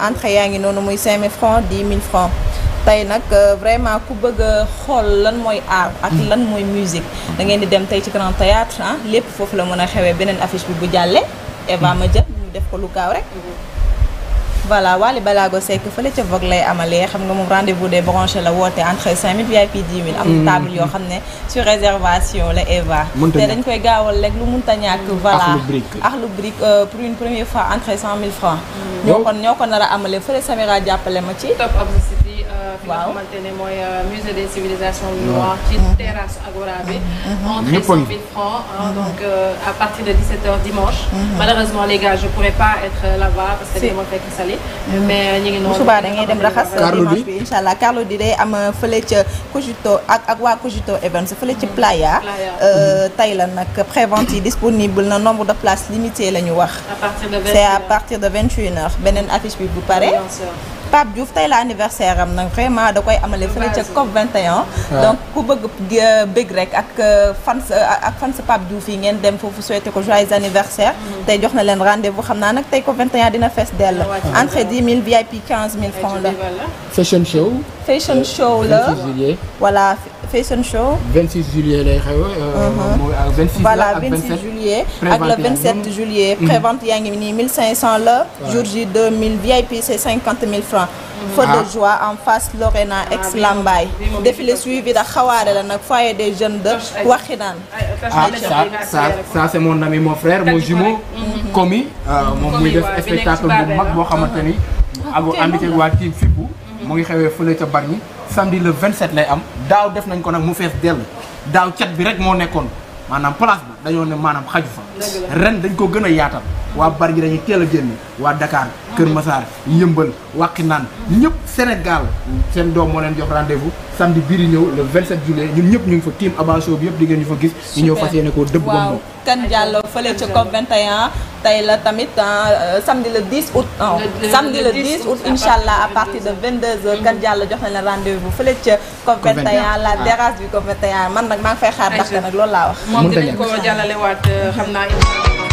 entrée yaa ngi noonu muy 5000 francs 10 000 francs. tey nag euh, vraiment ku bëgg xool lan mooy art ak lan mooy musique da ngeen di dem tey ci grand théâtre ah, lépp foofu la mën a xewee beneen affiche bi bu jàllee Eva mhm. ma jël ñu def ko lu gaaw rek mhm. voilà Wally Balago Seck fële ca Vogue lay amalee xam nga moom rendez-vous des branchés la woote entre 5000 VIP 10 am table yoo xam ne sur réservation la Eva. te dañ koy gaawal rek lu munta ñàkk. voilà ak lu brique euh, pour une première fois entre 100 000 francs. Mhm. ñoo ko ñoo ko fële Samira jàppale ma ci. top fi nga xamante ne euh, des civilisations noires ci terrasse Agora bi entrée cent mille francs donc euh, à partir de 17h dimanche mm-hmm. malheureusement les gars je pourrais pas euh, parce que dama fekk sali mm-hmm. mais ñu subaa da dem raxas Carlo di day am fële ca Cogito ak ak waa Cogito Events fële ca mm-hmm. Playa tey la nag prévente yi disponible na nombre de place limitées la ñu wax c'est à partir de 21h beneen affiche bi bu pare Pape Diouf tey la anniversaire am nag vraiment da koy amale fële ca COP 21. Ah. donc ku bëgg euh, bëgg rek ak euh, fans euh, ak fans Pape yi ngeen dem foofu souhaité ko joyeux anniversaire. Mm-hmm. tey jox na leen rendez-vous xam naa nag tey COP 21 dina fees dell. Ah, entrée 10 000 VIP 15 000 la. fashion show. fashion show la voilà. fashion show. 26 juillet lay xew. Euh, uh-huh. mooy 26 voilà 26 juillet ak le 27 juillet. prévente yaa ngi nii 1500 mm-hmm. la. jour J 2000 VIP c'est 50 000 francs. Mm-hmm. feu de ah. joie en face Lorena ex ah, Lambaye. défilé suivi da xawaare la nag foyer des jeunes de Waxinaan. ah ça ça ça c'est mon ami mon frère mon jumeau. Mm-hmm. Komi euh, moom muy def spectacle bu mag boo xamante ni. ak ànd ceeg waa team Fippu. mu ngi xewee fële ca Bargny. samedi le 27 lay am daaw def nañ ko nag mu fees dell daaw cat bi rek moo nekkoon maanaam place bi dañoo ne maanaam xaju fa ren dañ ko gën a yaatal waa bari gi dañuy teel a génn waa dakaar Kër Massar Yëmbal Wakhinane ñëpp Sénégal seen doom moo leen jox rendez-vous samedi biir yi ñëw le 27 juillet ñun ñëpp ñu fa team Abba bi yëpp di ngeen ñu fa gis ñu ñëw fas yéene koo dëbb ba Kane Diallo fële ca COP 21 tey la tamit ah, euh, samedi le 10 août samedi le 10 août incha allah à partir de 22h Kane Diallo jox na la rendez-vous fële ca COP 21 la ah. terrasse bi COP 21 man nag maa fay xaar ndaxte nag loolu laa wax moom dinañ ko jàllalewaat euh,